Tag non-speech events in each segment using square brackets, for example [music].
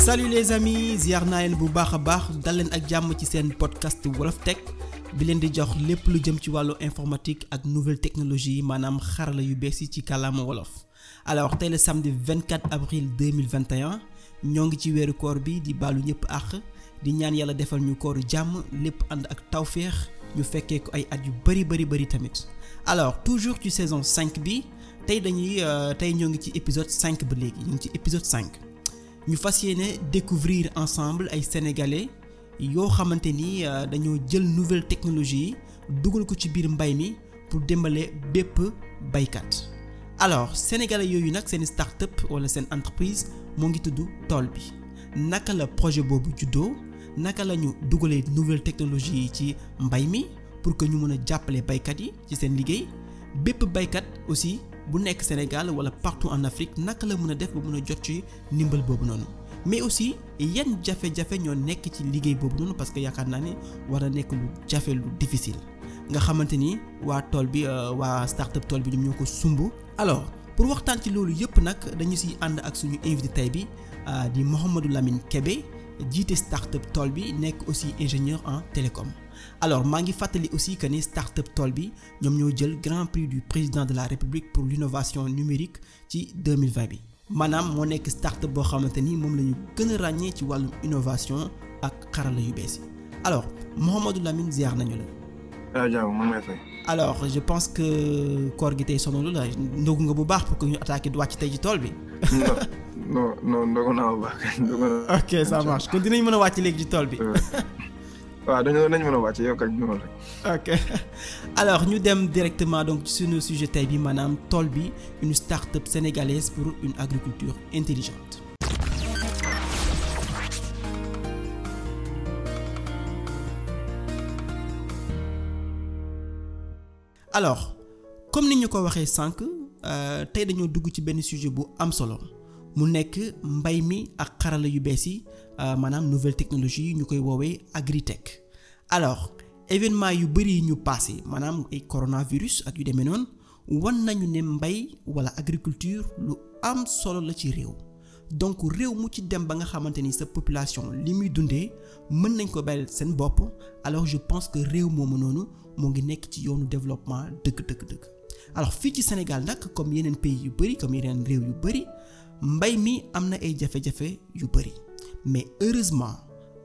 salut les amis ziar naa leen bu baax a baax dal leen ak jàmm ci seen podcast wolof teg bi leen di jox lépp lu jëm ci wàllu informatique ak nouvelle technologie yi maanaam xarala yu bees yi ci kàllaama wolof alors tey la samedi 24 avril 2021 ñoo ngi ci weeru koor bi di baalu ñëpp àq di ñaan yàlla defal ñu kooru jàmm lépp ànd ak tawféex ñu fekkee ko ay at yu bari bari bari tamit alors toujours ci saison 5 bi tey dañuy euh, tey ñoo ngi ci épisode 5 ba léegi ñu ci épisode 5 ñu fas yéene découvrir ensemble ay sénégalais yoo xamante ni euh, dañoo jël nouvelle technologie yi dugal ko ci biir mbay mi pour dimbale bépp baykat. alors sénégalais yooyu nag seen start-up wala seen entreprise moo ngi tudd tool bi naka la projet boobu juddoo naka la ñu dugalee nouvelle technologie yi ci mbay mi pour que ñu mën a jàppale baykat yi ci seen liggéey bépp baykat aussi. bu nekk Sénégal wala partout en Afrique naka la mën a def ba mën a jot ci ndimbal boobu noonu mais aussi yan jafe-jafe ñoo nekk ci liggéey boobu noonu parce que yaakaar naa ne war a nekk lu jafe lu difficile nga xamante ni waa tool bi euh, waa startup tool bi ñoom ñoo ko sumb alors pour waxtaan ci loolu yëpp nag dañu si ànd ak suñu invité tey bi euh, di Mouhamadou Lamine kebe jiite startup tool bi nekk aussi ingénieur en télécom alors maa ngi fàttali aussi que ni startup tool bi ñoom ñoo jël grand prix du président de la république pour l'innovation numérique ci 2020 bi maanaam moo nekk startup boo xamante ni moom la ñu gën a ràññee ci wàllum innovation ak xarala yu bees yi alors Mouhamadou Lamine ziar nañu la. alors je pense que koor gi tey sonalu la ndogu nga bu baax pour que ñu attaqué wàcc tey ci tool bi. non non ndogu naa bu baax kon dinañ mën a wàcc léegi ci tool bi. waaw dañoo nañ mën a wàcce yow kay noonu rek. [laughs] alors ñu dem directement donc suñu sujet tey bi maanaam tool bi une start-up sénégalaise pour une agriculture intelligente. alors comme ni ñu ko waxee sànq euh, tey dañoo dugg ci benn sujet bu am solo. mu nekk mbay mi ak xarala yu bees yi euh, maanaam nouvelle technologie yi ñu koy woowee agritech alors événement yu bëri yi ñu passé maanaam ay coronavirus ak yu demee noonu wan nañu ne mbay wala agriculture lu am solo la ci réew donc réew mu ci dem ba nga xamante ni sa population li muy dundee mën nañ ko bàyyil seen bopp alors je pense que réew moomu noonu moo ngi nekk ci yoonu développement dëgg dëgg dëgg alors fii ci Sénégal nag comme yeneen pays yu bëri comme réew yu bëri mbay mi am na ay jafe-jafe yu bëri mais heureusement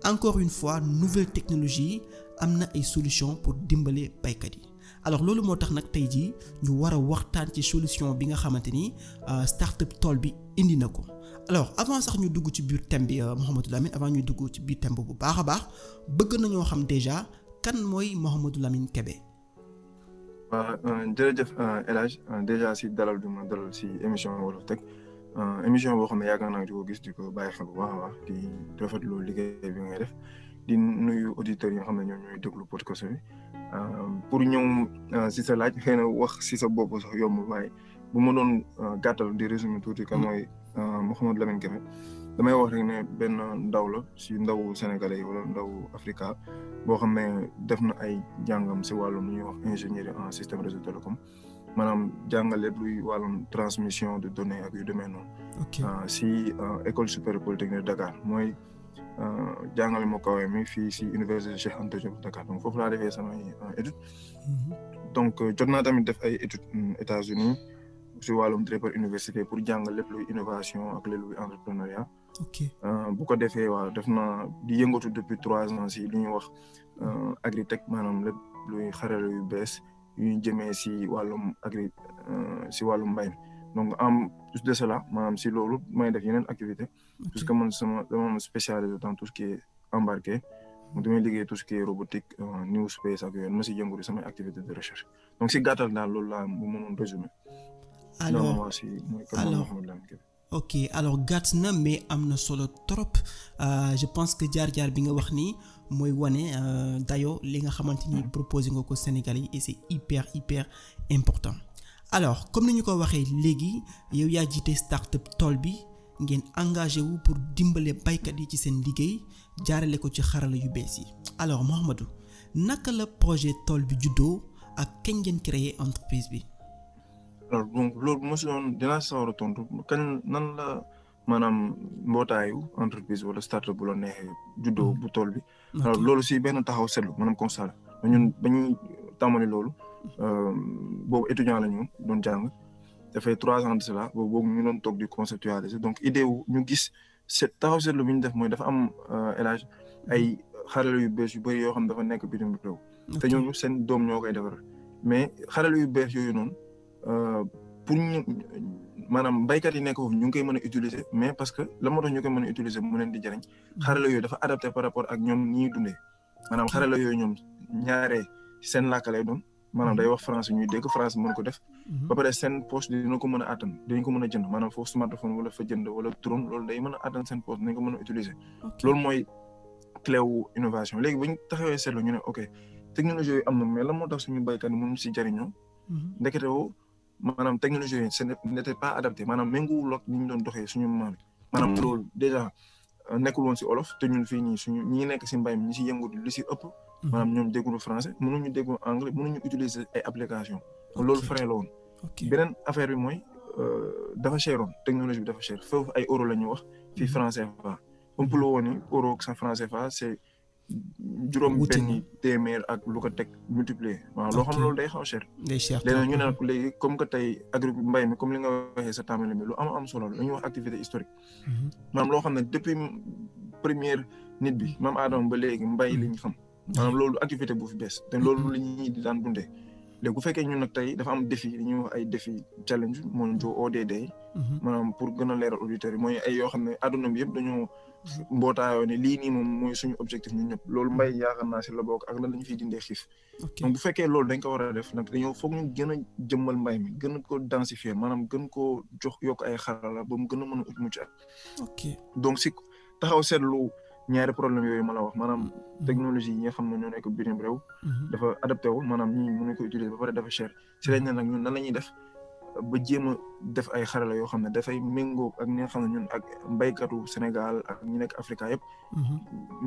encore une fois nouvelle technologie am na ay solution pour dimbale baykat yi alors loolu moo tax nag tey jii ñu war a waxtaan ci solution bi nga xamante ni euh, startup tool bi indi na ko alors avant sax ñu dugg ci biir thème bi euh, Mouhamadou Lamine avant ñu dugg ci biir thème bu baax a baax bëgg nañoo xam déjà kan mooy Mouhamadou Lamine Kébé. Euh, jërëjëf El Hadj déjà si dalal bi ma dalal si émission Wolof Tech Euh, émission boo xam ne yàgg naa di ko gis di ko bàyyi xel bu baax a baax di rafetlu liggéey bi ngay def di nuyu auditeurs yi nga xam ne ñoom ñooy déglu podcast bi euh, pour ñëw euh, si sa laaj xëy wax si sa bopp sax yomb waaye bu ma doon gàttal di résumé tuuti kan mooy Mouhamadou Lamine Kébé damay wax rek ne benn ndaw la si ndawu sénégalais wala ndaw Africa boo xam ne def na ay jàngam si wàllum ñuy wax ingénieur en système réseau télécom. maanaam jàngale luy wàllum transmission de données ak yu demee noonu. ok euh, si euh, école supérieure polytechnique de Dakar mooy euh, jàngale moo kawe mi fii si université Cheikh Anta Diop Dakar donc foofu laa defee samay études. Mhm. donc jot naa tamit def ay études mm, États-Unis si wàllum Draper université pour jàngal lépp luy innovation ak lépp luy entrepreneuriat. ok bu ko defee waaw def na di yëngatu depuis trois ans si li ñuy wax agritech maanaam lépp luy xarala yu bees. yu ñu jëmee si wàllum agri euh, si wàllum mbay mi donc en plus de cela maanaam si loolu may def yeneen activité puisque man sama dama spécialisé dans tout ce qui est embarqué mu damay liggéey tout ce qui est robotique euh, new space ak yooyu ma si yëngu samay activité de recherche donc si gàttal daal loolu laa mu mënoon résumé alors gàtt na mais am na solo trop euh, je pense que jaar-jaar bi nga wax nii mooy wane euh, dayo li nga xamante ni proposé nga ko Sénégal yi et c'est hyper hyper important alors comme ni ñu ko waxee léegi yow yaa jiite startup tool bi ngeen engagé wu pour dimbale baykat yi ci seen liggéey jaarale ko ci xarala yu bees yi alors Mouhamadou naka la projet tool bi juddoo ak kañ ngeen créer entreprise bi. alors donc loolu bu ma si dinaa sawar tontu kañ nan la maanaam mbootaayu entreprise wala startup bu la neexee juddoo mm-hmm. bu tool bi. loolu si benn taxaw seetlu maanaam constat la ñun ba ñuy tàmbali loolu euh, boobu étudiant la ñu doon jàng dafay trois ans de cela boobu boobu ñu noon toog di conceptualiser donc idée ñu gis seet taxaw seetlu bi ñu def mooy dafa am élage euh, mm-hmm. ay xarala yu bees yu bëri yoo xam dafa nekk bitim réew te ñooñu seen doom ñoo koy defar mais xarala yu bees yooyu noon euh, pour ñu maanaam béykat yi nekk foofu ñu ngi koy mën a utiliser mais parce que la moo tax ñu koy mën a utiliser mu leen di jëriñ mm-hmm. xarala yooyu dafa adapté par rapport ak ñoom ñiy dundee maanaam mm-hmm. xarala yooyu ñoom ñaare seen làkk lay doon maanaam day mm-hmm. wax français ñuy dégg français mën ko def. ba pare seen poche dina ko mën a àttan dinañ ko mën a jënd maanaam foofu smartphone wala fa jënd wala drone loolu day mën a àttan seen poche dinañ ko mën utiliser. loolu mooy clé wu innovation léegi bu ñu taxawee seetlu ñu ne ok technologie am na mais la moo tax suñu béykat yi mënuñ si jëriñoo. maanaam technologie yi ce n'était pas adapté maanaam méngoowul ak ni ñu doon doxee suñu maam yi maanaam mm. loolu déjà euh, nekkul woon si olof te ñun fii nii suñu ñi nekk si mbay mi ñi si yëngu li si ëpp mm. maanaam ñoom dégguñu français mënuñu déggu anglais ñu utiliser ay application loolu frais la woon beneen affaire bi mooy euh, dafa cheroon technologie bi dafa cher foofu ay euro la ñuy wax fii mm. franc CFA ëmp la woon euro sa franc fa c'est juróom benn téeméer ak lu ko teg multiplier waaw loo xam loolu day xaw a cher léegi ñu ne nag léegi comme que tey agri mbay mi comme li nga waxee sa tàmbali mi lu am am solo la ñu wax activité historique mhm. loo xam ne depuis première nit bi maam Adama ba léegi mbay mhm. li ñu xam maanaam loolu activité bu fi bees te loolu li ñuy di daan dundee léegi bu fekkee ñun nag tey dafa am defi li ñuy ay défi challenge mondiaux ODD mhm. maanaam pour gën a leeral auditeurs yi mooy ay yoo xam ne àdduna bi yëpp dañoo mbootaayoo ne lii nii moom mooy suñu objectif ñun ñëpp loolu mbay yaakaar naa si la bokk ak lan la ñu fiy dindee xiif donc bu fekkee loolu dañ ko war a def nag dañoo foog ñu gën a jëmmal mbay mi gën ko densifier maanaam gën koo jox yokk ay xarala ba mu gën a mën mucc ak donc si taxaw seetlu ñaari problème yooyu ma la wax maanaam mhm. technologie yi nga xam ne ñoo nekk bitim réew mhm. dafa adapté wul maanaam ñi mënu ko utiliser ba pare dafa cher si lañ ne nag ñun nan la ñuy def ba jéem a def ay xarala yoo xam ne dafay méngoo ak ñi nga xam ne ñun ak mbaykatu Sénégal ak ñu nekk Afrika yëpp. Mhm.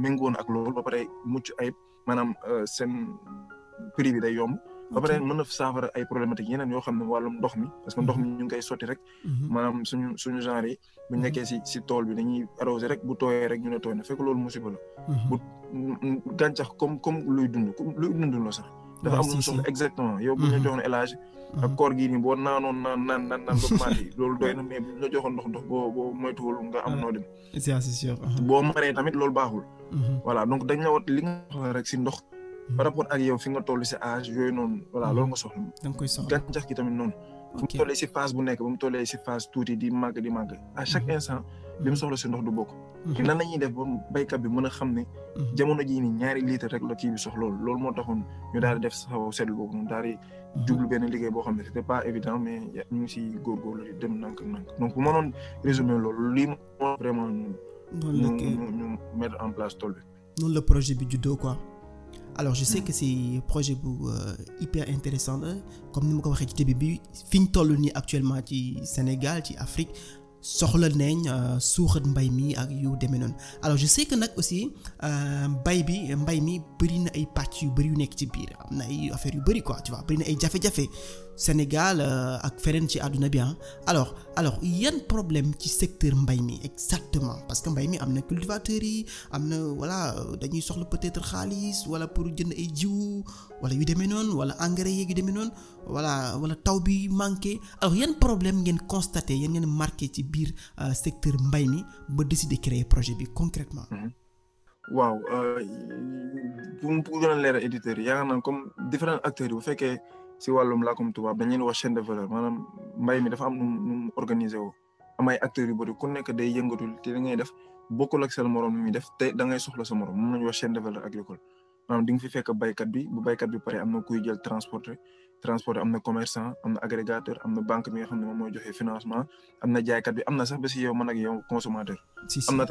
méngoon ak loolu ba pare mucc ayib maanaam euh, seen prix bi day yomb. ba pare mën na saafara ay problématique yeneen yoo xam ne wàllum ndox mi parce que ndox mi mhm. ñu ngi koy sotti rek. Mhm. maanaam suñu suñu genre yi bu nekkee si si tool bi dañuy arrosé rek bu tooyee rek ñu ne tooy na fekk loolu musiba la. bu gàncax comme comme luy dund luy dund la sax. dafa am lu exactement yow bu ñu a mhm. koor gii nii boo naanoon naan naan naan naan ba maat yi na mais bu ñu la joxoon ndox ndox boo boo moytuwul nga am ah. noo dem. c'est sûr. Uh-huh. boo maree tamit loolu baaxul. Mhm. voilà donc dañ la wat li nga rek si ndox. Mhm. par rapport ak yow fi nga toll si âge yooyu noonu. voilà loolu nga soxla. da nga gi tamit noonu. bu mu tollee si phase bu nekk bu mu tollee si phase tuuti di màgg di màgg à chaque instant li mu soxla si ndox du bokk. nan la ñuy def ba béykat bi mën a xam ne. jamono jii nii ñaari litre rek la kii bi soxla loolu moo taxoon ñu daal di def saxaw seetlu boobu daal di jublu benn liggéey boo xam ne c'était pas évident mais ñu ngi si góorgóorlu dem nank nank donc moo mënoon résumé loolu li moo vraiment ñu ñu en place tool bi noonu la projet bi juddoo quoi alors je sais hmm. que c'est projet bu euh, hyper intéressant comme ni ma ko waxee ci début bi fi ñu toll nii actuellement ci Sénégal ci Afrique soxla nañ euh, suuxat mbay mi ak yu demee noonu alors je sais nag aussi euh, mbay bi mbay mi bëri na ay pàcc yu bari yu nekk ci biir am na ay affaire yu bëri quoi tu vois na ay jafe-jafe Sénégal euh, ak feneen ci àdduna bi alors alors yan problème ci secteur mbay mi exactement parce que mbay mi am na cultivateurs yi am na voilà euh, dañuy soxla peut-être xaalis wala pour jënd ay jiwu wala yu demee noonu wala engrais yeeg deme demee noonu wala wala taw bi manqué alors yan problème ngeen constaté yenn ngeen marqué ci biir euh, secteur mbay mi ba décider créer projet bi concrètement mhm. waaw pour mu pour gën a leeral éditeurs yi yaakaar naa comme différents acteurs si wàllum làkkum tubaab dañ leen wax chaîne de valeur maanaam mbay mi dafa am nu mu organiser woo am ay ku nekk day yëngatul te da ngay def bokkul ak seen morom mi def te da ngay soxla sa morom moom la ñuy wax chaîne de valeur agricole maanaam di nga fi fekk baykat bi bu baykat bi pare am na kuy jël transporter transporter am na commerçant am na agrégateur am na banque bi nga xam ne moom mooy joxe financement am na jaaykat bi am na sax ba si yow man ak yow consommateur. am na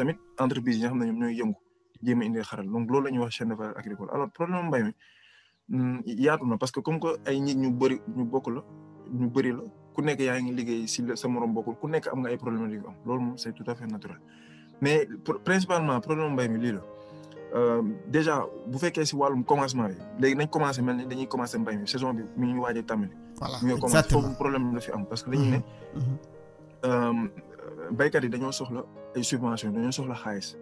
ñoom ñooy yëngu jéem a indi xaral donc loolu la ñuy wax chaîne de alors problème mbay Mm, yaatu na parce que comme que ay nit ñu bëri ñu bokk la ñu bëri la ku nekk yaa ngi liggéey si sa morom bokkul ku nekk am nga ay problème yu am loolu moom c'est tout à fait naturel mais principalement problème mbay mi lii la euh, déjà bu fekkee si wàllum commencement bi léegi nañ commencé mel ni dañuy commencé mbay mi saison bi mi ngi waaj a tàmbali. voilà exactement ñu ngi commencé foofu fi am parce que dañuy mhm, ne. Mhm. Euh, baykat yi dañoo soxla ay subventions soxla xaalis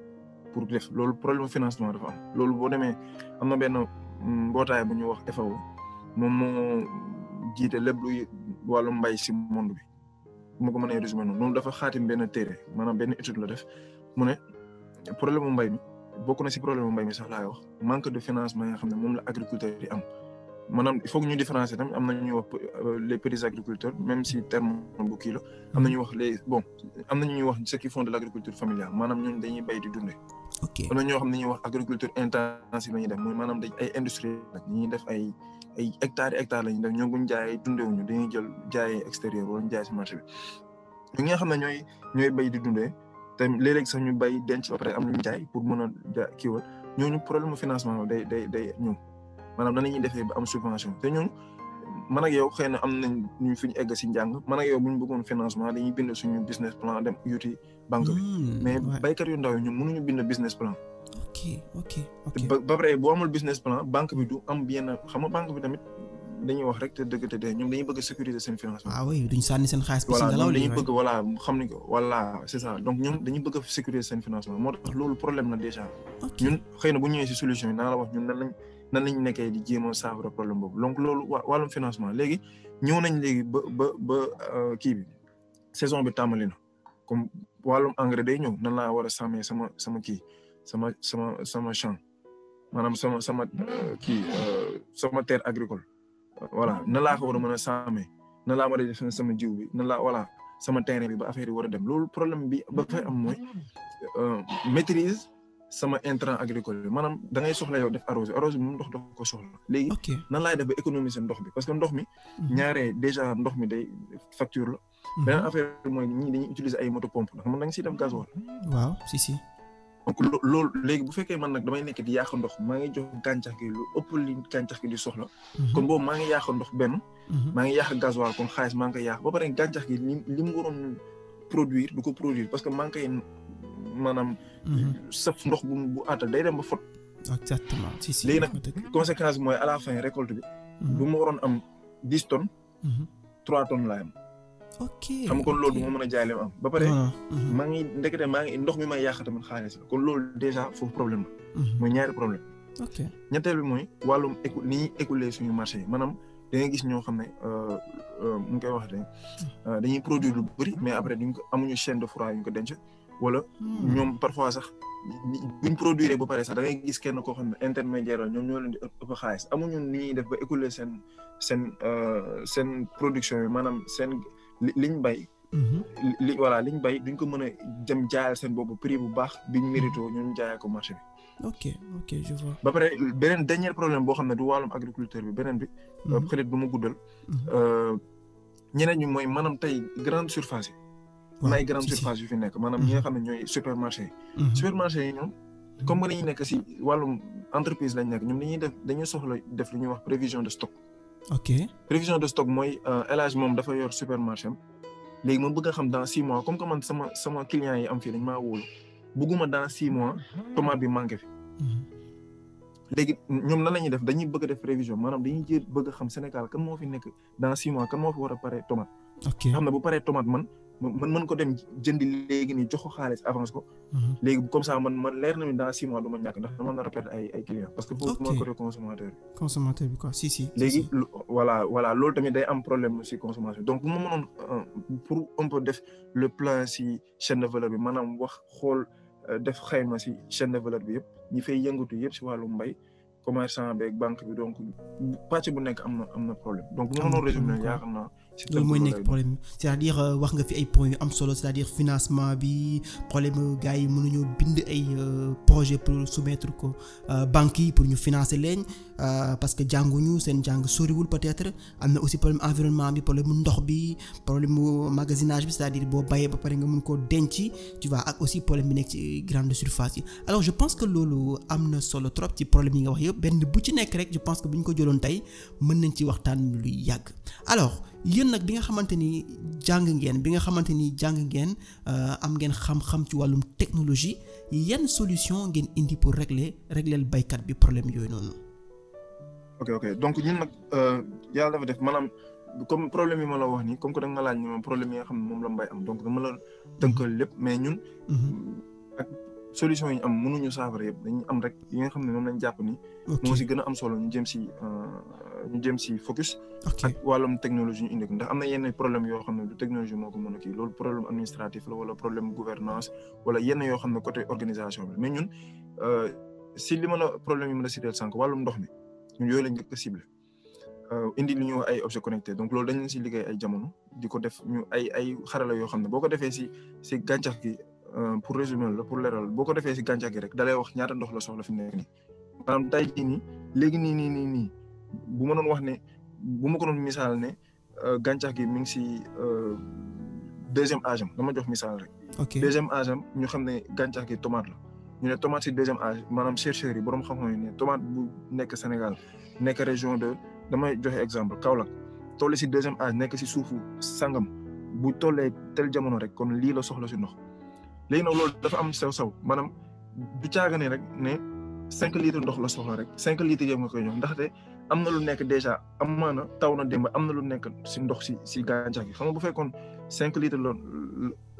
pour def loolu problème financement dafa am loolu boo demee am na benn. mbootaay bu ñu wax FAO moom moo jiite lépp luy wàllu mbay si monde bi bu ma ko résumé noonu loolu dafa xaatim benn téere maanaam benn étude la def mu ne problème mu mbay mi bokk na si problème mu mbay mi sax laay wax manque de financement yi nga xam ne moom la agriculteur yi am maanaam il faut ñu différencier tam am na ñuy wax les petits agriculteurs même si terme bu kii am na ñu wax les bon am na ñuy wax ceux qui font de l' agriculture familiale maanaam dañuy bay di dundee. ok am na ñoo xam ne ñuy wax agriculture intensive la ñuy def mooy maanaam dañ ay industrie la ñuy def ay ay hectares hectares la ñuy def ñoom bu ñu jaayee dundewuñu dañuy jël jaayee extérieur wala jaay si marché bi. ñi nga xam ne ñooy ñooy bay di dundee te léeg-léeg ñu bay denc ba pare am lu pour mën a ja kiiwal ñooñu problème mu financement day day day ñëw. maanaam nan la ñuy defee am subvention te ñun man ak xëy na am nañ ñu fi ñu egg si njàng man ak yow bu ñu bëggoon financement dañuy bind suñu business plan dem yuti banque bi. Hmm, mais baykat yu ndaw yi ñun mënuñu bind business plan. ok ok ok ba ba pare boo amul business bi du am bien xam nga banque bi tamit. dañuy wax rek te dëgg te de ñoom dañuy bëgg sécuriser seen financement. ah oui seen xaalis bi si ngelaw li dañuy bëgg ñoom dañuy bëgg a seen financement moo tax loolu problème la déjà. ñun xëy na bu ñëwee si solution naa la wax ñun nan nan lañ nekkee di jéem a saafara problème boobu donc loolu wàllum financement léegi ñëw nañ léegi ba ba ba euh, kii bi saison bi tàmbali na comme wàllum engrais day ñëw nan laa war a sàmmee sama sama kii sama sama sama champ maanaam sama sama euh, kii euh, sama terre agricole wala nan laa ko war a mën a sàmmee nan laa war a sama jiw bi nan laa voilà sama terrain bi ba affaire yi war a dem loolu problème bi ba fay am mooy sama intrant agricole bi maanaam da ngay soxla yow def arrosé arrosé moom ndox da ko soxla. léegi nan laay def ba économiser ndox bi parce que ndox mi. Mhm. ñaaree déjà ndox mi day facture la. Mhm. beneen affaire bi mooy ñii dañuy utiliser ay moto pompe ndax man da nga siy def gasoil. waaw si si. donc loolu léegi bu fekkee man nag damay nekk di yàq ndox maa ngi jox gàncax gi lu ëpp li gàncax gi di soxla. Mhm. kon boobu maa ngi yàq ndox benn. maa ngi yàq gasoil kon xaalis maa ngi koy yàq ba pare gàncax gi li li mu waroon produire du ko produire parce que maa maanaam. Mhm. saf ndox bu mu bu àttal day dem ba fot. exactement si si léegi nag conséquence mooy à la récolte bi. Mhm. bu ma waroon am dix tonnes. Mhm. trois tonnes laay am. ok xam nga kon loolu moo mën a jaay li am. ba pare ah, maa ngi ndekete maa ngi ndox mi may yàq tamit xaalis la kon lool déjà foofu problème la. mooy ñaari problème. ok bi mooy wàllum écou ni ñu école suñu marché yi maanaam da gis ñoo xam ne mu euh, euh, ngi koy wax de euh, dañuy produire lu bëri mais après duñ ko amuñu chaîne de froid yu ñu ko denc. wala hmm. ñoom parfois sax buñ produire ba pare sax da gis kenn koo xam ne intermédiaire ñoom ñoo leen di ëpp xaalis amuñu ni def ba écouler seen seen euh, seen production yi maanaam seen liñ bay mhm. li voilà liñ bay duñ ko mën a jëm jaayal seen bopp prix bu baax biñ mirito ñun jaayal ko marché bi ok ok ba pare beneen dernier problème boo xam ne du wàllum agriculteur bi beneen bi mhm. euh, peut-être du ma guddal mhm. euh, ñeneen ñi mooy maanaam tey grande surface am na ay grandes surfaces yu fi nekk maanaam ñi nga mhm. xam ne ñooy supermarché yi. Mhm. supermarché yi ñoom comme nekk si wàllum entreprise lañ nekk ñoom dañuy def dañuy soxla def lu ñuy wax prévision de stock. ok prévision de stock mooy élage euh, moom dafa yor supermarché am léegi ma bëgg xam dans six comme que man sama sama client yi am fii dañ maa wóolu bëgguma dans six mois tomate bi manqué fi. Mhm. léegi ñoom nan la ñuy def dañuy bëgg a def maanaam dañuy jël bëgg a xam Sénégal kan moo fi nekk dans six mois kan moo fi war a paree tomate. ok xam ne bu paree tomate man man mën ko dem jëndi léegi nii jox xaalis avance ko. Mhm. léegi comme ça man man leer na mi dans six mois du ma ñàkk ndax dama nar a perdre ay ay clients. parce que foofu mooy côté consommateur bi. consommateur bi quoi si si. léegi voilà voilà loolu tamit day am problème si consommation donc bu ma mënoon euh, pour un peu def le plan si chaîne de valeur bi maanaam wax xool euh, def xayma si chaîne de valeur bi yëpp ñi fay yëngatu yëpp si wàllu mbay commerçant beeg banque bi donc pàcc bu nekk am na am na problème donc bu naa. loolu mooy nekk problème c'est-à-dire euh, wax nga fi ay points yu am solo c'est-à-dire financement bi problème gars yi mënuñoo bind ay euh, projet pour soumettre ko euh, banque yi pour ñu financer leen parce que jàngu jànguñu seen jàng soriwul peut-être am na aussi problème environnement bi problème ndox bi problème mu magasinage bi c'est-à-dire boo bayee ba pare nga mën koo denc tu vois ak aussi problème bi nekk ci grande surface yi alors je pense que loolu am na solo ci problème yi nga wax yëpp benn bu ci nekk rek je pense que bu ko jëloon tey mën nañ ci waxtaan luy yàgg alors yéen nag bi nga xamante ni jàng ngeen bi nga xamante ni jàng ngeen euh, am ngeen xam-xam ci wàllum technologie yan solution ngeen indi pour régler régler baykat bi problème yooyu noonu. ok ok donc ñun nag euh, yàlla dafa def maanaam comme problème yi ma la wax nii comme que da nga laaj ni moom problème yi nga xam ne moom la mbay am donc dama la tënkal lépp mais ñun. Mm-hmm. solution yi ñu am mënuñu saafara yëpp dañu am rek yi nga xam ne moom lañ jàpp ni. moo si gën a am solo ñu jëm si euh, ñu jëm si focus. ak wàllum technologie ñu indi ndax am na yenn problème yoo xam ne du technologie moo ko mën a kii loolu problème administratif la wala problème gouvernance wala yenn yoo xam ne côté organisation bi mais ñun euh, si li ma la problème yi ma la citeel sànq wàllum ndox mi ñun yooyu lañ ko ciblé. Euh, indi li ñu wax ay objets connectés donc loolu dañu leen si liggéey ay jamono di ko def ñu ay ay xarala yoo xam ne boo ko defee si si gàncax gi Euh, pour résumer la pour leeral boo ko defee si gàncax gi rek dalay wax ñaata ndox la soxla fi mu nekk nii maanaam tey jii nii léegi nii nii nii nii bu ma doon wax ne bu ma ko doon misaal ne euh, gàncax gi mi ngi si euh, deuxième âge am dama jox missal rek. ok deuxième âge ñu xam ne gàncax gi tomate la ñu ne tomate si deuxième âge maanaam chercheurs yi borom xam-xam yi ne tomate bu nekk Sénégal nekk région de damay joxe exemple Kaolack toll si deuxième âge nekk si suufu sangam bu tollee tel jamono rek kon lii la soxla si ndox. léegi nag loolu dafa am sew sew maanaam du caaga ne rek ne cinq litres ndox la soxla rek cinq litres yow nga koy jox ndaxte am na lu nekk dèjà amaana taw na démb am na lu nekk si ndox si si gàncax gi xam bu fekkoon cinq litres la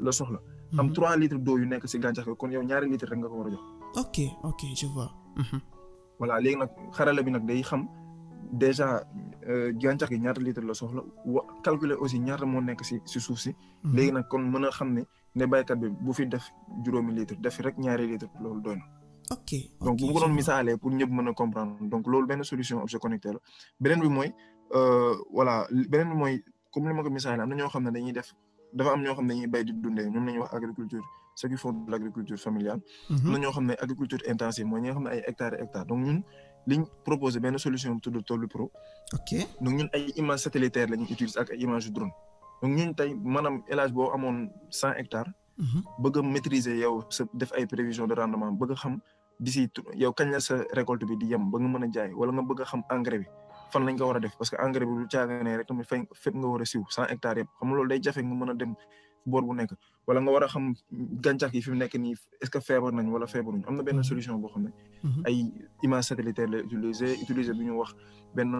la soxla. Mhm. am trois litres d'eau yu nekk si gàncax gi kon yow ñaari litres rek nga ko war a jox. ok ok je vois. Mhm. voilà léegi nag xarala bi nag day xam dèjà euh, gàncax gi ñaata litres la soxla wa calculer aussi ñaata moo nekk si si suuf si. Mhm. léegi nag kon mën a xam ne. ne baykat bi bu fi def juróomi litre def rek ñaari litre loolu doy ok donc bu pour ñëpp mën a comprendre donc loolu benn solution objet connecté la bi mooy euh, voilà beneen bi mooy comme li ma ko misaalee am na ñoo ne dañuy def dafa am ñoo ne dañuy bay di ñoom la ñuy wax agriculture ceux qui font l' agriculture familiale. Mhm. am na ñoo ne agriculture intensive mooy ñi ne ay hectares hectares donc ñun liñ proposé benn solution donc ñun tey maanaam élage boo amoon cent hectares. Mhm. bëgg a maîtriser yow sa def ay prévision de rendement bëgg a xam d'ici yow kañ la sa récolte bi di yem ba nga mën a jaay wala nga bëgg xam engrais bi fan lañ ko war a def parce que engrais bi lu caaga ne rek tamit fay nga war a siw cent hectares yëpp xam loolu day jafe nga mën a dem. boor bu nekk wala nga war a xam gàncax gi fi mu nekk nii est-ce que feebar nañ wala feebaruñ am na benn mhm. solution boo xam ne. Mhm. ay image satellitaire la utiliser utiliser bu ñu wax benn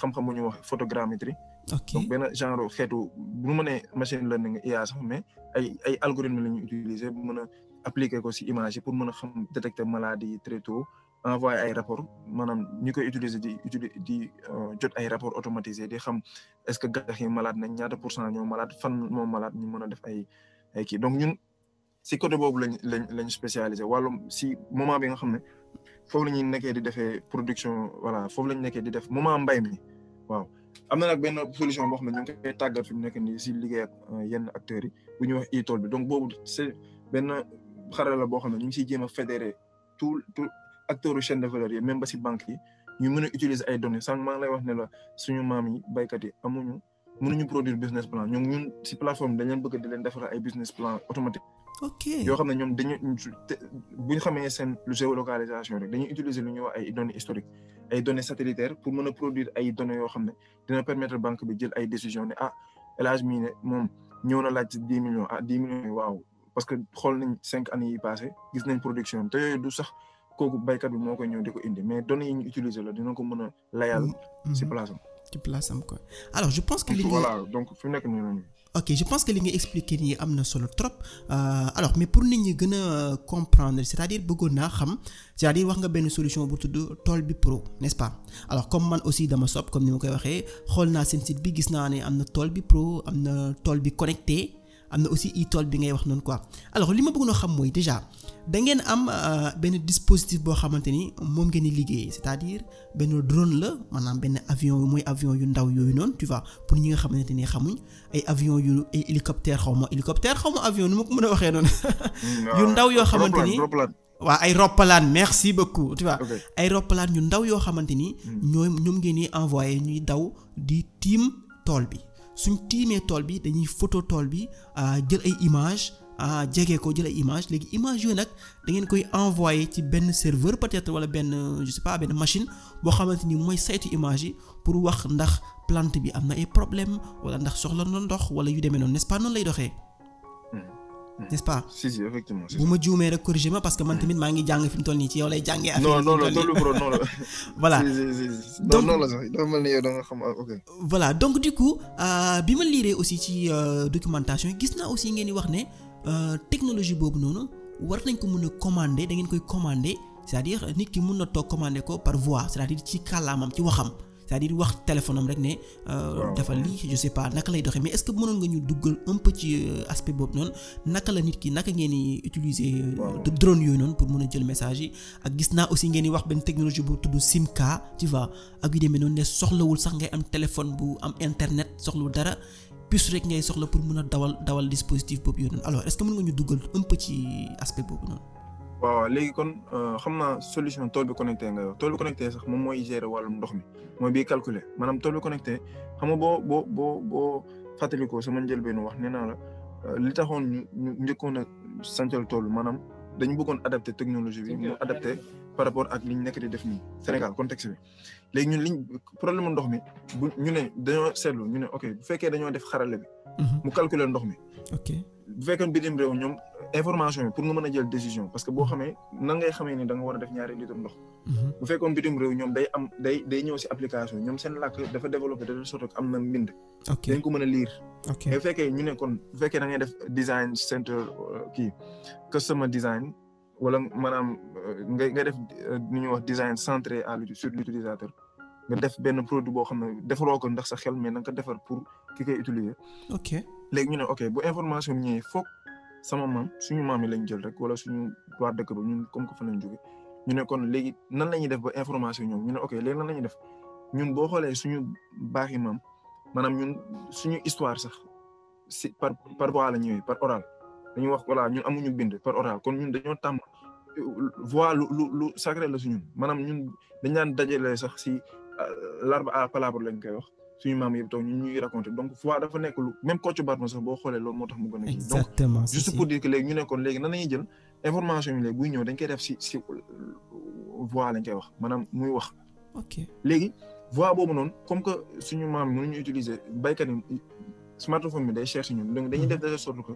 xam-xam bu ñu wax photogrammétrie. ok donc benn genre xeetu bu ñu mënee machine learning IA sax mais ay ay algorithme la ñuy utiliser bu mën a appliquer ko si image yi pour mën a xam détecter maladie yi très envoyé ay rapport maanaam ñi koy utiliser di utiliser di euh, jot ay rapport automatisé di xam est-ce que gàncax yi nañ ñaata pour cent ñoo malade fan moo malade ñu mën a def ay ay kii donc ñun si côté boobu lañ lañ lañ spécialisé wàllum si moment bi nga xam ne foofu la ñuy nekkee di defee production voilà foofu la ñu nekkee di def moment mbay mi waaw am na nag benn solution boo xam ne ñu ngi koy fi mu nekk nii si liggéey ak euh, yenn acteurs yi bu wax e bi donc boobu c'est benn xarala a fédéré acteurs chaîne de valeur yi même ba si banque yi ñu mën a utiliser ay données sànq lay wax ne la suñu maam yi baykat yi amuñu mënuñu produire business plan ñoom ñun si plateforme dañ leen bëgg di leen defaral ay business plan automatique. ok yoo xam ne ñoom dañu bu ñu xamee seen géolocalisation rek dañu utiliser lu ñuy wax ay données historiques ay données satellitaires pour mën a produire ay données yoo xam ne dina permettre banque bi jël ay décisions ne ah élage mii moom ñëw na laaj ci dix millions ah dix parce que xool nañ cinq années yi passé gis nañ production te sax. kooku baykat bi moo koy ñëw di ko indi mais données yi ñu utiliser la dina ko mën a layal. Mm-hmm. ci place am. ci place am quoi alors je pense que. li voilà donc fi mu nekk nii noonu. ok je pense que li nga expliqué nii am na solo trop euh, alors mais pour nit ñi gën a euh, comprendre c'est-à-dire bëggoon naa xam c'est-à-dire wax nga benn solution bu tudd tool bi pro n'est-ce pas alors comme man aussi dama sopp comme ni ma koy waxee xool naa seen site bi gis naa ne am na tool bi pro am na tool bi connecté. am na aussi e tool bi ngay wax noonu quoi alors li ma bëgg noo xam mooy déjà da ngeen am euh, benn dispositif boo xamante ni moom ngeen di liggéey c'est-à-dire benn drone la maanaam benn avion mooy avion yu ndaw yooyu noonu tu vois pour ñi nga xamante ni xamuñ ay avion yu ay xaw ma hélicoptère xaw ma avion nu ma ko mën a waxee noonu [laughs] yu ndaw yoo xamante ni waaw ay roppalaan merci beaucoup tu vois ay roppalaan yu ndaw yoo xamante ni hmm. ñooy ñoom ngeen di envoyé ñuy daw di tiim tool bi suñ tiimee tool bi dañuy photo tool bi euh, jël ay image euh, jege ko jël ay image léegi image yooyu nag da ngeen koy envoyé ci benn serveur peut-être wala benn je pas benn machine boo xamante ni mooy saytu image yi pour wax ndax plante bi am na ay problème wala ndax soxla na ndox wala yu demee noonu n'est-ce pas noonu lay doxee Hmm. nest pas. bu ma juumee rek corrigé ma parce que man tamit maa ngi jàng fi mu toll nii ci yow lay jàngee. affaire non la. [laughs] sax dafa mel ni yow da xam ah, ok. voilà donc du coup euh, bi ma liiree aussi ci euh, documentation gis naa aussi ngeen di wax ne euh, technologie boobu noonu war nañ ko mun a commander da ngeen koy commander c'est-à-dire nit ki mun na toog commander ko par voix c'est-à-dire ci kàllaamam ci waxam. c'est-à-dire wax téléphone am rek ne. Euh, dafa lii je pas naka lay doxee mais est-ce que mënoon nga ñu duggal un peu euh, ci aspect boobu noonu naka la nit ki naka ngeen di utiliser. Euh, drone yooyu pour mën a jël message yi gis naa aussi ngeen di wax benn technologie bu tu vois ak yu demee noonu ne soxlawul sax ngay am téléphone bu am internet soxlawul dara. puce rek ngay soxla pour mën a dawal dawal dispositif boobu yooyu alors est-ce que nga ñu duggal ëmp ci aspect boobu noonu. waaw léegi kon euh, xam naa solution tool bi connecté nga tool bi connecté sax moom mooy gérer wàllum ndox mi mooy bii calculer maanaam tool bi connecté xam nga boo boo boo boo fàttalikoo sama njëlbeenu wax nee naa la euh, li taxoon ñu njëkkoon a sancal tool maanaam dañu bëggoon adapté technologie bi mu adapté par rapport ak liñ nekk di def nii Sénégal contexte bi léegi ñun liñ problème ndox mi bu ñu ne dañoo seetlu ñu ne ok bu fekkee dañoo def xarale bi. Mhm. mu calculer ndox mi. ok bu fekkee bitim réew ñoom information bi pour nga a jël décision parce que boo xamee nan ngay xamee ni da nga war a def ñaari litre ndox. Mhm. bu fekkoon bitim ñoom day am day day ñëw si application ñoom seen làkk dafa développé dafa sotti am na mbind. ok dañ ko mën a lire. ok bu fekkee ñu ne kon bu fekkee da ngay def design center euh, kii customer design. wala maanaam nga euh, nga def euh, nu ñuy wax design centré à sur l'utilisateur nga def benn produit boo xam ne defaroo ko ndax sax xel mais na nga ko defar pour ki koy utiliser. ok léegi ñu ne ok bu information bi ñëwee foog sama maam suñu maam yi lañ jël rek wala suñu waa dëkk ba ñun comme que fa lañ jóge ñu ne léegi nan la ñuy def ba information ñoom ñu ne ok léegi nan la ñuy def ñun boo xoolee suñu baaxi maam maanaam ñun suñu histoire sax si par par voie la ñëwee par oral. dañu wax voilà ñun amuñu bind par oral kon ñun dañoo tàmm voix lu lu lu sacré la suñu maanaam ñun dañ daan dajale sax si euh, l'arbre à palabre lañ koy wax suñu maam yëpp toog ñun ñuy raconté donc voix dafa nekk lu même Kocc Barma sax boo xoolee loolu moo tax mu gën a exactement donc juste pour dire que léegi ñu nekkoon léegi nan lañuy jël buy ñëw dañ koy def si si euh, voix lañ koy wax maanaam muy wax ok léegi voix boobu noon comme que suñu maam mënuñu utiliser béykat yi smartphone bi day cher si ñun donc dañuy def de sorte que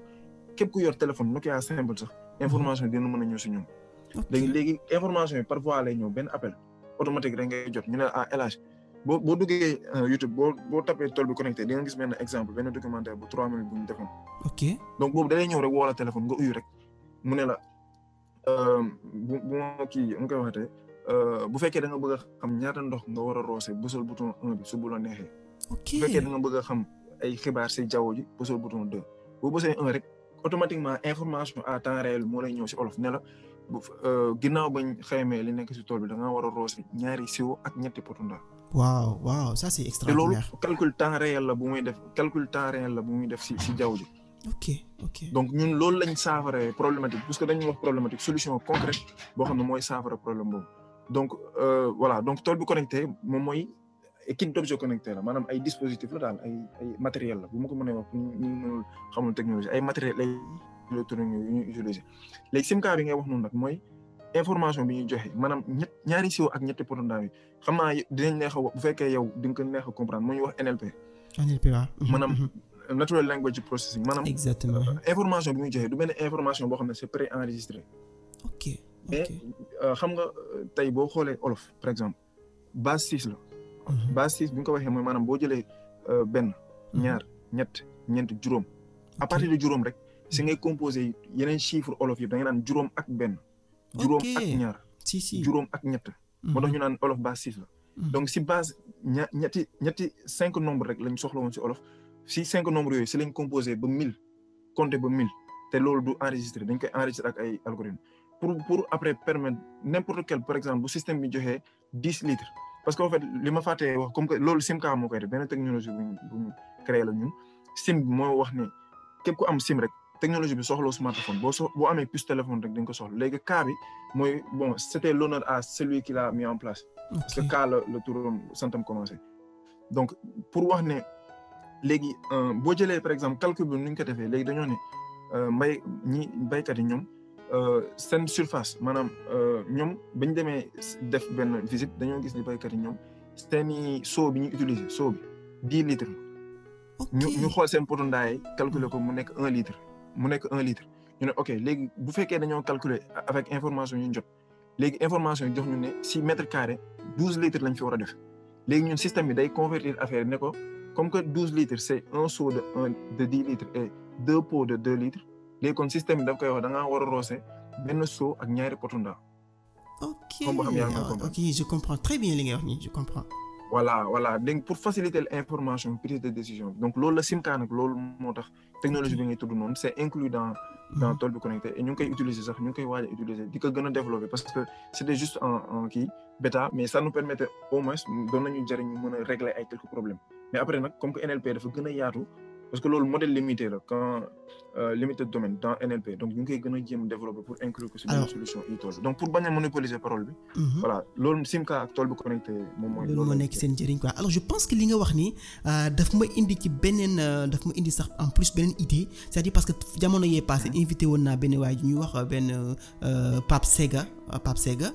képp ku yor téléphone Nokia simple sax mhm. information dina mën a ñëw si ñun. léegi information yi par voie lay ñëw benn appel automatique rek ngay jot ñu ne ah El boo boo duggee euh, YouTube boo boo tapé tool bi connecté di nga gis benn exemple benn documentaire bu trois minutes bu ñu defoon. ok donc boobu da lay ñëw rek woo téléphone nga uyu rek mu ne la euh, bu bu ma kii mu koy waxatee euh, bu fekkee da nga bëgg xam ñaata ndox nga war a roose bësal bouton un bi su bu la neexee. ok bu fekkee da nga bëgg a xam ay xibaar si jaww ji bësal bouton deux boo bësee un rek. automatiquement information à temps réel moo lay ñëw si olof ne la euh, ginnaaw ba xaymee li nekk si tool bi da ngaa war a roose ñaari siwo ak ñetti potu ndaal. waaw waaw ça c'est extraordinaire. te loolu calcul temps réel la bu muy def calcul temps réel la muy def si si jaww ji. ok ok donc ñun loolu lañ saafara problématique parce que dañu wax problématique solution concrète boo xam ne mooy saafara problème boobu donc euh, voilà donc tool bi connecté moom mooy. kit d'objet connecté la maanaam ay dispositif la daal ay ay matériel la bu ma ko mënee wax ñu ñu mënul xamul technologie ay matériel lay électronique yu ñuy utiliser léegi sim card bi wax noon nag mooy information bi ñuy joxe maanaam ñett ñaari siwo ak ñetti potondaam yi xam naa dinañ neex a bu fekkee yow di nga ko neex a comprendre mu ñuy wax NLP. NLP waaw. Mhm, maanaam mhm. natural language processing. maanaam exactement euh, information bi muy joxe du benn information boo xam ne c'est pré-enregistré. ok ok mais euh, xam nga euh, tey boo xoolee olof par exemple base six la. Mhm. base six bi ñu ko waxee mooy maanaam boo jëlee euh, benn mhm. ñaar ñett ñeent juróom à partir de juróom rek si ngay composé yeneen chiffre olof yi da nga naan juróom ak benn juróom ak ñaar si si juróom ak ñett moo mhm. ñu naan olof base six la donc si bas ña ñetti ñetti cinq nombre rek lañ soxla woon si olof si cinq nombre yooyu si lañ composé ba mille compté ba mille te loolu du enregistré dañ koy enregistré ak ay algorithme pour pour après ne n'importe quel par exemple bu système bi joxee dix litres parce que en fait li ma fàttee wax comme que loolu Simca moo koy def benn technologie bu ñu créé la ñun Sim moo wax ne képp ku am Sim rek technologie bi soxla smartphone boo sox boo amee puce téléphone rek dañ ko soxla léegi cas bi mooy bon c' était l'honneur à celui qui mi mis en place. parce que cas la la santam commencé. donc pour wax ne léegi euh, boo jëlee par exemple calcul bi nu ñu ko defee léegi dañoo ne euh, mbay ñi baykat yi ñoom. Euh, seen surface maanaam euh, ñoom ba demee def benn visite dañoo gis ni béykat yi ñoom seeni seau bi ñu utiliser seau bi dix litres ñu ñu xool seen poto ndaay calculer ko mu nekk un litre mu nekk un litre ñu ne ok léegi bu fekkee dañoo calculer avec information ñu jot léegi information yi jox ñu ne si mètre carré douze litres lañ fi war a def léegi ñun système bi day convertir affaire ne ko comme que douze litres c'est un seau de un de dix litres et deux pots de deux litres léegi kon système bi daf koy wax da ngaa war a roose benn seau ak ñaari potu ndaa. ok ok je comprends très bien li nga wax nii je comprends. voilà voilà pour faciliter l'information prise de décision donc loolu la SIMCA nag loolu moo tax technologie bi ngay tudd noonu c'est inclus dans. dans mhm. Tolbi Connecté et ñu ngi koy utiliser sax ñu ngi koy waaj a utiliser di ko gën a développer parce que c'était juste en en kii bêta mais ça nous permettait au moins doon nañu jëriñ mën a régler ay mais après nag comme que NLP gën yaatu. parce que loolu modèle limité la quand euh, limité de domaine dans NLP donc ñu ngi koy gën a jéem développer pour inclure que c'est une solution donc pour bañ a parole bi mhm. voilà loolu Simka ak tool bi connecté moom mooy loolu moo nekk seen njëriñ quoi alors je pense que li nga wax ni euh, daf ma indi ci beneen euh, daf ma indi sax en plus beneen idée cest dire parce que jamono yee passé invité woon naa benn waay ju ñuy wax benn Pape Sega Pape Sega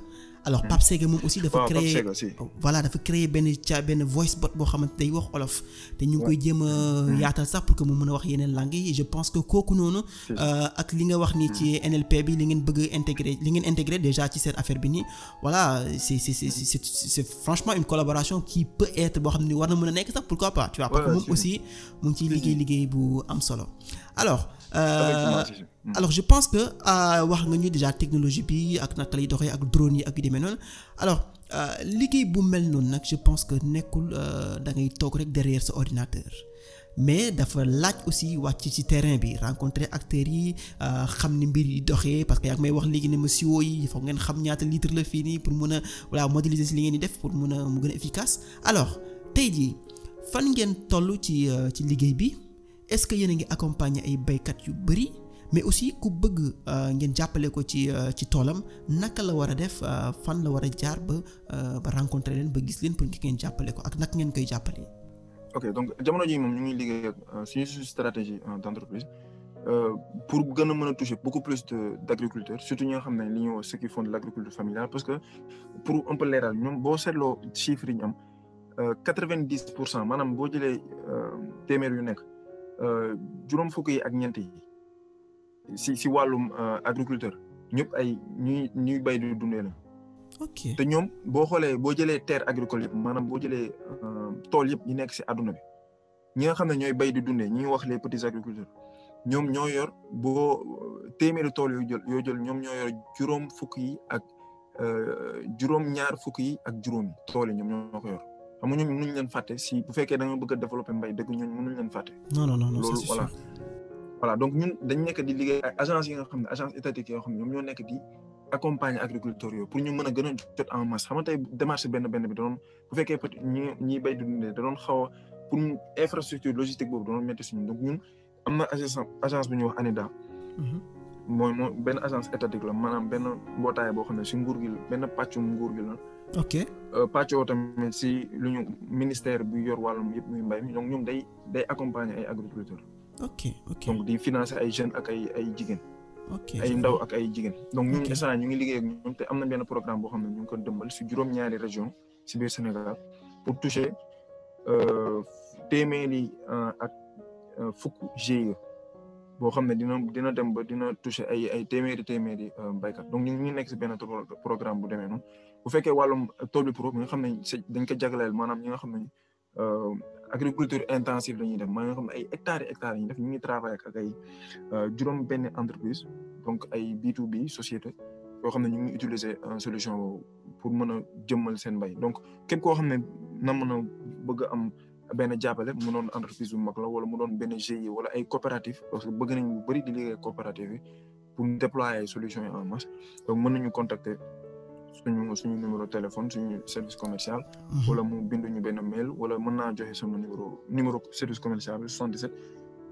alors hmm. Pape Sega moom aussi dafa créer oh, voilà dafa créer benn ca benn voice bot boo xamante day wax olof te ñu ngi koy jéem a hmm. euh, yaatal sax pour que mu mën a wax yeneen langue je pense que kooku noonu euh, ak li nga wax ni ci hmm. NLP bi li ngeen bëgg a li ngeen intégrer déjà ci seen affaire bi nii voilà c'est c'est c'est c'est franchement une collaboration qui peut être boo xam ni war na mën a nekk sax pourquoi pas tu moom aussi mu ngi ciy liggéey liggéey bu am solo alors Euh, mm. alors je pense que euh, wax nga ñu déjà technologie bi ak naka lay doxee ak drone yi ak yu demee noonu alors euh, liggéey bu mel noonu nag je pense que nekkul da ngay toog rek derrière sa ordinateur. mais dafa laaj aussi wàcc ci terrain bi rencontrer acteurs yi xam ni mbir yi doxe parce que yaa ngi may wax léegi ne ma siwo yi foog ngeen xam ñaata litre la fii nii pour mun a voilà modéliser si li ngeen di def pour mun a mu gën a efficace alors tey jii fan ngeen toll ci ci liggéey bi est-ce que yéen ngi accompagner ay baykat yu bari mais aussi ku bëgg euh, ngeen jàppale ko ci euh, ci toolam naka la war a def euh, fan la war a jaar ba ba rencontrer leen ba gis leen pour ngeen jàppale ko ak naka ngeen koy jàppale. ok donc jamono ji moom ñu ngi liggéey ak suñu stratégie d'entreprise pour gën a mën a toucher beaucoup plus de d'agriculteurs surtout ñoo xam ne li ñu wax ceux qui font de l'agriculture parce que pour un peu leeral ñoom boo seetloo chiffres am quatre vingt pour cent maanaam boo jëlee téeméer yu nekk. Euh, juróom fukk yi ak ñeent yi si si wàllum euh, agriculteur ñëpp ay ñuy ñuy bay du dundee la. ok te ñoom boo xoolee boo jëlee terre agricole yëpp maanaam boo jëlee euh, tool yëpp yi nekk si àdduna bi ñi nga xam ne ñooy bay di dundee ñi wax les petits agriculteurs ñoom ñoo yor boo téeméeri tool yoo jël yoo jël ñoom ñoo yor juróom fukk yi ak juróom ñaar fukk yi ak juróom yi tool ñoom ñoo ko xam nga ñun mënuñ leen fàtte si bu fekkee da nga bëgg a développer mbay dëgg ñun mënuñ leen fàtte. non non loolu ñun dañ nekk di liggéey ak agence yi nga xam ne agence étatique yo xam ne ñoom ñoo nekk di accompagner agriculteurs yooyu pour ñu mën a gën a jot en masse benn benn bi doon bu fekkee peut ñi ñiy béy dundee da doon xaw a pour infrastructure logistique boobu doon métti suñu donc ñun am na agence agence bu ñuy wax ANIDA. Mhm. mooy mooy benn agence étatique la maanaam benn mbootaay boo xam ne si nguur gi la benn pàccum nguur gi la. ok euh, pàccoo tamit si lu ñu ministère bu yor wàllum yëpp muy mbay mi donc ñoom day day accompagner ay agriculteurs. ok ok donc di financer ay jeunes ak ay ay jigéen. ok ay ndaw ak ay jigéen. donc ñun instant ñu ngi liggéey ak am na benn programme boo xam ne ñu ngi ko dëmbal si juróom-ñaari région si biir Sénégal pour toucher euh, téeméeri euh, ak fukk GIE. boo xam ne dina dina dem ba dina toucher ay ay téeméeri téeméeri baykat donc ñu ngi nekk si benn programme bu demee noonu. bu fekkee wàllum tool bi pour bi nga xam ne dañ ko jagleel maanaam ñi nga xam ne euh, agriculture intensive la ñuy def maanaam nga xam ne ay hectares hectares la def ñu ngi travailler ak ay euh, juróom benn entreprise donc ay B2B société yoo xam ne ñu ngi utiliser euh, solution pour mën a jëmmal seen mbay donc képp koo xam ne na mën bëgg am benn jàppale mu noon entreprise bu mag la wala mu doon benn GIE wala ay coopérative parce que bëgg nañ bu bëri di liggéey coopérative yi pour déployer solution yi mën nañu contacter suñu suñu numéro téléphone suñu service commercial. wala mu binduñu benn mail wala mën naa joxe sama numéro numéro service commercial bi 77.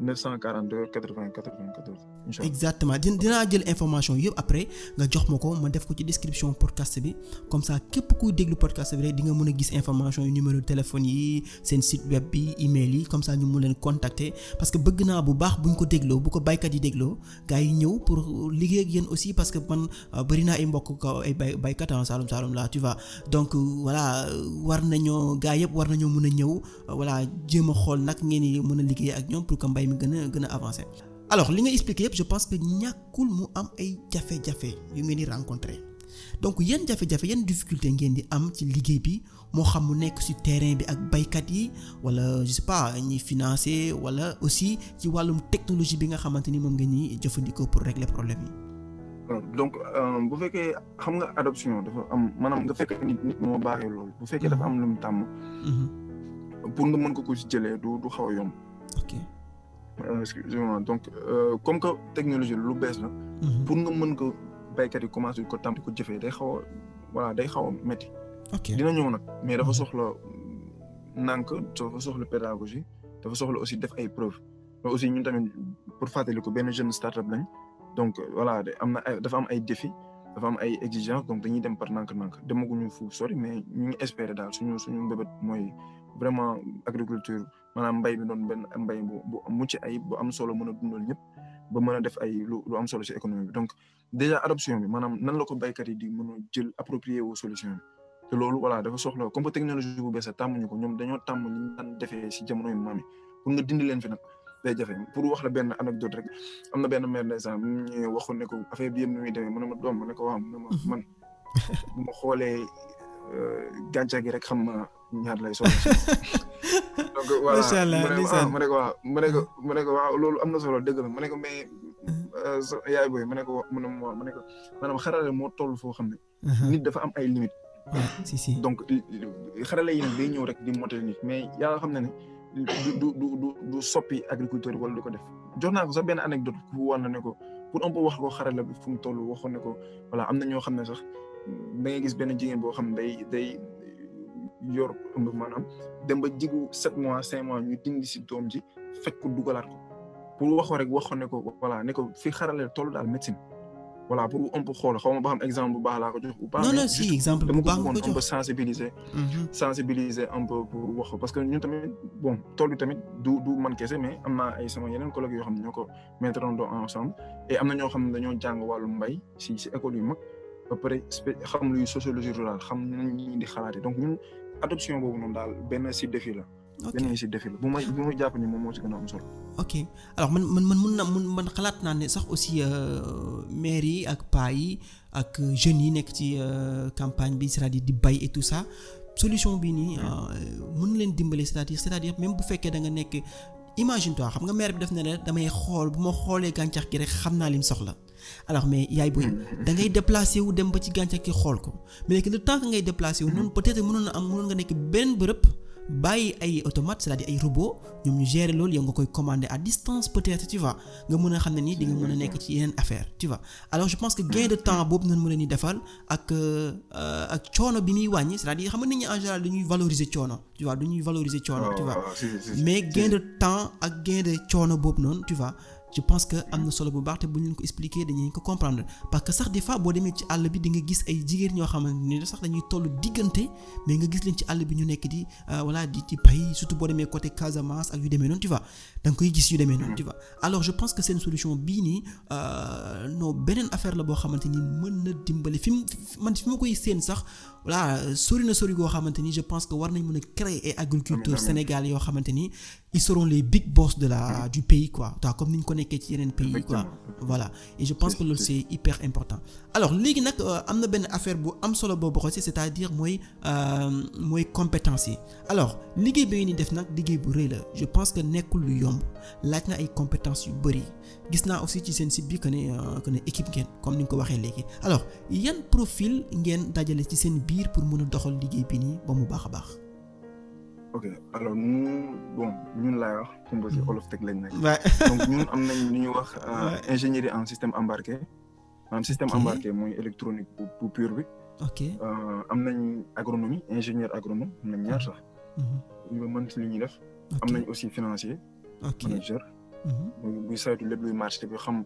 942 80 94. incha allah exactement dina dinaa jël information yëpp après nga jox ma ko ma def ko ci description podcast bi comme ça képp kuy déglu podcast bi rek di mën a gis information yi numéro téléphone yi seen site web bi email yi comme ça ñu mun leen contacter parce que bëgg naa bu baax bu ñu ko dégloo bu ko baykat yi dégloo gars yi ñëw pour liggéey ak yéen aussi parce que man euh, bëri ay mbokk kaw ay bay baykat ah Saloum Saloum là tu vois donc euh, voilà war nañoo gars yëpp a ñëw euh, a a mbay mi gën a gën a avancé alors li nga expliqué yëpp je pense que ñàkkul mu am ay jafe-jafe yu ngeen di rencontré donc yan jafe-jafe yan difficulté ngeen di am ci liggéey bi moo xam mu nekk ci terrain bi ak baykat yi wala je sais pas ñuy financé wala aussi ci wàllum technologie bi nga xamante ni moom ngeen ñi jëfandikoo pour régler problème yi. donc euh, bu fekkee xam nga adoption dafa am maanaam nga fekk nit nit moo baaxee loolu bu fekkee dafa am lu mu tàmm. Mhm. pour mën ko ko ci jëlee Euh, excusez-moi donc euh, comme que technologie lu bees la. Mhm. pour nga mën ko béykat yi commencé ko tàmm ko jëfee day xaw a day xaw a métti. dina ñëw nag mais dafa mhm. soxla nànk dafa soxla pédagogie dafa soxla aussi def ay preuves aussi ñun tamit pour fàttali ko benn jeune startup lañ donc voilà am na dafa am ay défis dafa am ay exigences donc dañuy dem par nànk-nànk demaguñu fu sori mais ñu ngi espérer daal suñu suñu mbébét mooy vraiment agriculture. maanaam mbay mi doon benn mbay bu bu mucc ayib bu am solo mën a dundal ñëpp ba mën a def ay lu lu am solo si économie bi donc déjà adoption bi maanaam nan la ko béykat yi di mën a jël approprier wu solution bi te loolu voilà dafa soxla comme que technologie bu bees tàmmuñu ko ñoom dañoo tàmm ñu daan defee si jamono yu maam yi pour leen fi nag day jafe pour wax la benn anecdote rek am na benn maire ndeysaan ñu waxoon ne ko affaire bi yëpp ni muy demee mu ne ma doom ma ko waaw mu ne ma man bu euh, gàncax gi rek xam ma ñaar lay soxla si [laughs] donc voilà macha allah mu ne ko waaw mu ne ko mu ne ko waaw loolu am na solo dëgg la mu ne ko mais uh-huh. euh, yaay booy mu ne ko mu ne waaw mu ne ko maanaam xarale moo toll foo xam ne uh-huh. nit dafa am ay limites ah, si si donc xarale yi nag day ñëw rek di mottali nit mais yàlla xam na ne du du du du soppi agriculteur wala du ko def jox naa ko sax benn anecdote ku wan na ne ko pour un peu wax ko xarala bi fu mu toll waxoon ne ko voilà am na ñoo xam ne sax da ngay gis benn jigéen boo xam ne day day yor ëmb maanaam dem ba jigu sept mois cinq mois ñu dindi si doom ji faj ko dugalaat ko pour waxoo rek waxoon ne ko voilà ne ko fi xarale toll daal médecine voilà pour ëmb xool xaw ma ba xam exemple bu baax laa ko jox. bu ko jox dama ko sensibiliser. Mhm. sensibiliser un peu pour wax ko parce que ñun tamit bon tool bi tamit du du man kese mais am naa ay sama yeneen collègues yoo xam ne ñoo ko mettre ensemble et am na ñoo xam ne dañoo jàng wàllu mbay si si école yu mag ba pare xam luy sociologie rurale xam nañ ñi di donc ñun. adoption boobu noonu daal benn si défi la. benn si défi la bu ma bu ma jàpp ni moom moo ci gën a am solo. ok alors man man man na mun man xalaat naa ne sax aussi euh, maire yi ak paa yi ak jeunes yi nekk ci euh, campagne bi c'est-à-dire di bay et tout ça. solution bi nii euh, mën leen dimbale c'est-à-dire c'est-à-dire même bu fekkee da nekk imagine toi xam nga mère bi def na ne damay xool bu ma xoolee gàncax gi rek xam naa lim soxla alors mais yaay booy da ngay déplacé wu dem ba ci gàncax gi xool ko mais léegi le temps ngay déplacé wu noonu peut-être mënoon na am mënoon nga nekk benn bërëb. bàyyi ay automate c'est-à-dire ay robot ñoom ñu loolu yow nga koy commander à distance peut-être nga mën a xam ne nii di nga mën a nekk ci yeneen affaire tu vois alors je pense que gain temps boobu noonu mu leen di defal ak euh, coono bi muy wàññi c'est-à-dire xam nit ñi en dañuy valoriser coono tu dañuy valoriser coono tu oh, mais gain temps ak gain coono boobu noonu tu je pense que am na solo bu baax te bu ñu leen ko expliquer dañuy ko comprendre parce que sax des fois boo demee ci àll bi di gis ay jigéen ñoo xamante ni sax dañuy toll diggante mais nga gis leen ci bi ñu nekk di euh, voilà di ci bay surtout boo demee côté Casamance ak yu demee noonu tu vois da nga koy gis yu demee noonu tu vois alors je pense que seen solution bii nii euh, non beneen affaire la boo xamante ni mën na dimbali fi mu man fi ma koy séen sax voilà sori na sori goo xamante ni je pense que war nañ mën a créer ay agriculteurs Sénégal yoo xamante ni ils seront les big boss de la du pays nekkee ci yeneen pays yi quoi voilà je pense que loolu c'est hyper important alors léegi nag euh, am na benn affaire bu am solo boobu aussi a à dire mooy euh, mooy compétence yi alors liggéey bi ngeen di def nag liggéey bu rëy la je pense que nekkul lu yomb laaj na ay compétence yu bëri gis naa aussi ci seen site bi que ne euh, que ne équipe ngeen comme ni nga ko waxee léegi alors yan profil ngeen dajale ci seen biir pour mën a doxal liggéey bi nii ba mu baax a baax ok alors nous bon ñun laay wax comme si olof teg lañ nekk. [laughs] donc ñun am nañ lu ñuy wax euh, ingénierie en système embarqué maanaam système embarqué mooy électronique bu bu pur bi. ok euh, am nañ agronomie ingénieur agronome am nañ ñaar sax. Hmm. ñu ba mën ci li ñuy def. am nañ aussi financier. ok manager. Hmm. muy muy saytu lépp luy marché bi xam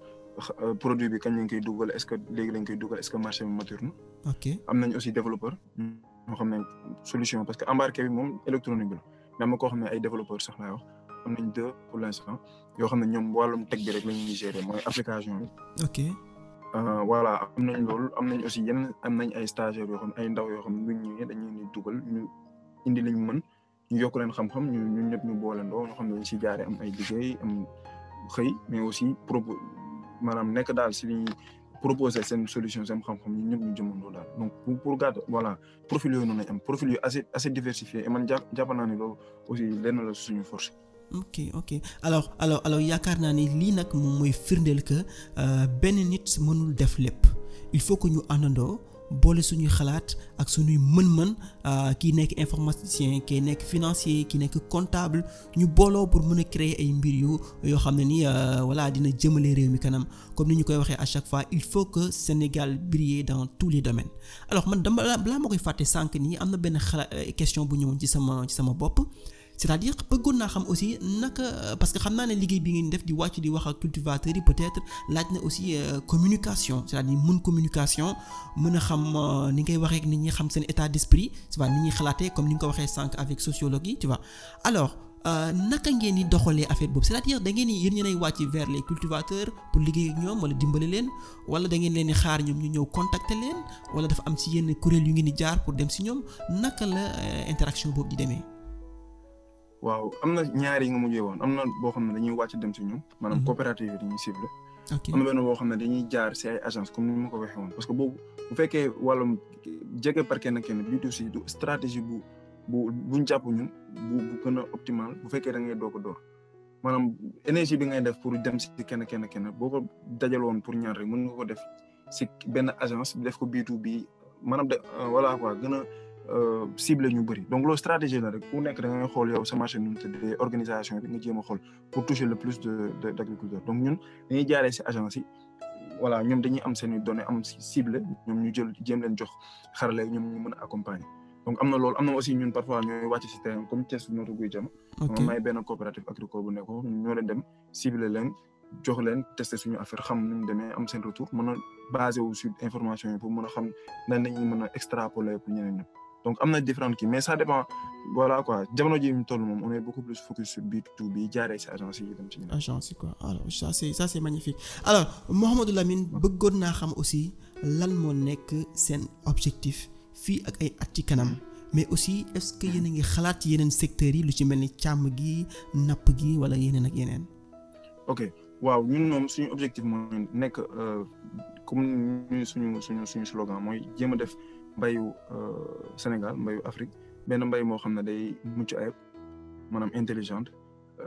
euh, produit bi kañ lañ koy dugal est-ce que léegi lañ koy dugal est-ce que marché bi ok am nañ aussi développeur. moo xam ne solution parce que embarqué bi moom électronique bi la mais am na koo xam ne ay développeurs sax laay wax yoo xam ne ñoom wàllum teg bi rek la ñuy gérer mooy application bi. ok euh, voilà am nañ loolu am nañ aussi yenn am nañ ay stagiaires yoo xam ay ndaw yoo xam ne ni ñu ñëwee dañu leen di dugal ñu indi li man mën ñu yokk leen xam-xam ñu ñun ñëpp ñu booleandoo ñoo xam ne dañ si jaaree am ay liggéey am xëy mais aussi propos maanaam nekk daal si li proposer seen solution seen xam-xam ñun ñëpp ñu jëmandoo daal donc pour pour gàtt voilà profil yooyu noonu lañ am profil yu assez assez diversifié man jàpp naa ne loolu aussi lenn la suñu force. ok ok alors alors alors yaakaar naa ni lii nag moom mooy firndeel que euh, benn nit mënul def lépp il faut que ñu àndandoo. boole suñuy xalaat ak suñuy mën-mën euh, kii nekk informaticien kii nekk financier kii nekk comptable ñu booloo pour mën a créer ay mbir yu yoo xam ne ni euh, voilà dina jëmale réew mi kanam comme ni ñu koy waxee à chaque fois il faut que Sénégal brille dans tous les domaines alors man dama balaa ma koy fàtte sànq nii am na benn xalaat euh, question bu ñëwoon ci sama ci sama bopp. c'est-à-dire bëggoon naa xam aussi naka parce que xam naa ne liggéey bi ngeen def di wàcc di wax ak cultivateurs yi peut-être laaj na aussi euh, communication c'est-à-dire mën communication mën a xam euh, ni ngay waxee ni nit xam seen état d'esprit tu vois ni ñuy xalaate comme ni nga ko waxee sànq avec sociologue yi tu vois alors euh, naka ngeen di doxalee affaire boobu c'est-à-dire da ngeen di yéen ñenay wàcc vers les cultivateurs pour liggéey ak ñoom wala dimbali leen wala da ngeen leen di xaar ñoom ñu ñëw contacter leen wala dafa am ci yenn kuréel yu ngeen di jaar pour dem ci ñoom naka la interaction boobu di demee. waaw am na ñaar yi nga mujjee woon am na boo xam ne dañuy wàcc dem ci ñun. maanaam mhm. coopérative yi dañuy ciblé. am na benn boo xam ne dañuy jaar si agence comme ni ma ko waxee woon. parce que bu fekkee wàllum jege par kenn kenn bi si du stratégie bu bu buñ jàpp ñun bu bu gën optimal bu fekkee da ngay doog a door maanaam énergie bi ngay def pour dem si kenn kenn kenn boo ko dajaloon pour ñaar rek mën nga ko def si benn agence def ko B2B maanaam de euh, voilà quoi gën a. Euh, cible ñu bëri donc loolu stratégie la rek ku nekk da ngay xool yow sa marché nu mu tëddee organisation bi nga jéem a xool pour toucher le plus de d' agriculteurs donc ñun dañuy jaaree si agence yi voilà ñoom dañuy am seen i données am cible ñoom ñu jël jëm leen jox xarale ñoom ñu mën a accompagner donc am na loolu am na aussi ñun parfois ñooy wàcc si terrain comme Thiès Notto Gouye Diama. ok may benn coopérative agricole bu nekkoon ñoo leen dem cible leen jox leen tester suñu affaire xam nu demee am seen retour mën a basé wu sur information yi pour mën a xam nan la ñuy mën a extrapoler pour ñeneen ñëpp. donc am na différent kii mais ça dépend voilà quoi jamono ji ñu moom on est beaucoup plus focus sur B2B bi jaaree si agence yi dem ci agence yi quoi alors ça c'est bëggoon naa xam aussi lan moo nekk seen objectif fii ak ay at ci kanam mais aussi est-ce que yéen a ngi xalaat ci yeneen secteur yi lu ci mel ni càmm gi napp gi wala yeneen ak yeneen. ok waaw ñun moom suñu objectif mooy nekk euh, comme suñu suñu suñu slogan mooy jéem a def. mbayu euh, Sénégal mbayu Afrique benn mbay moo xam ne day mucc ayib maanaam intelligente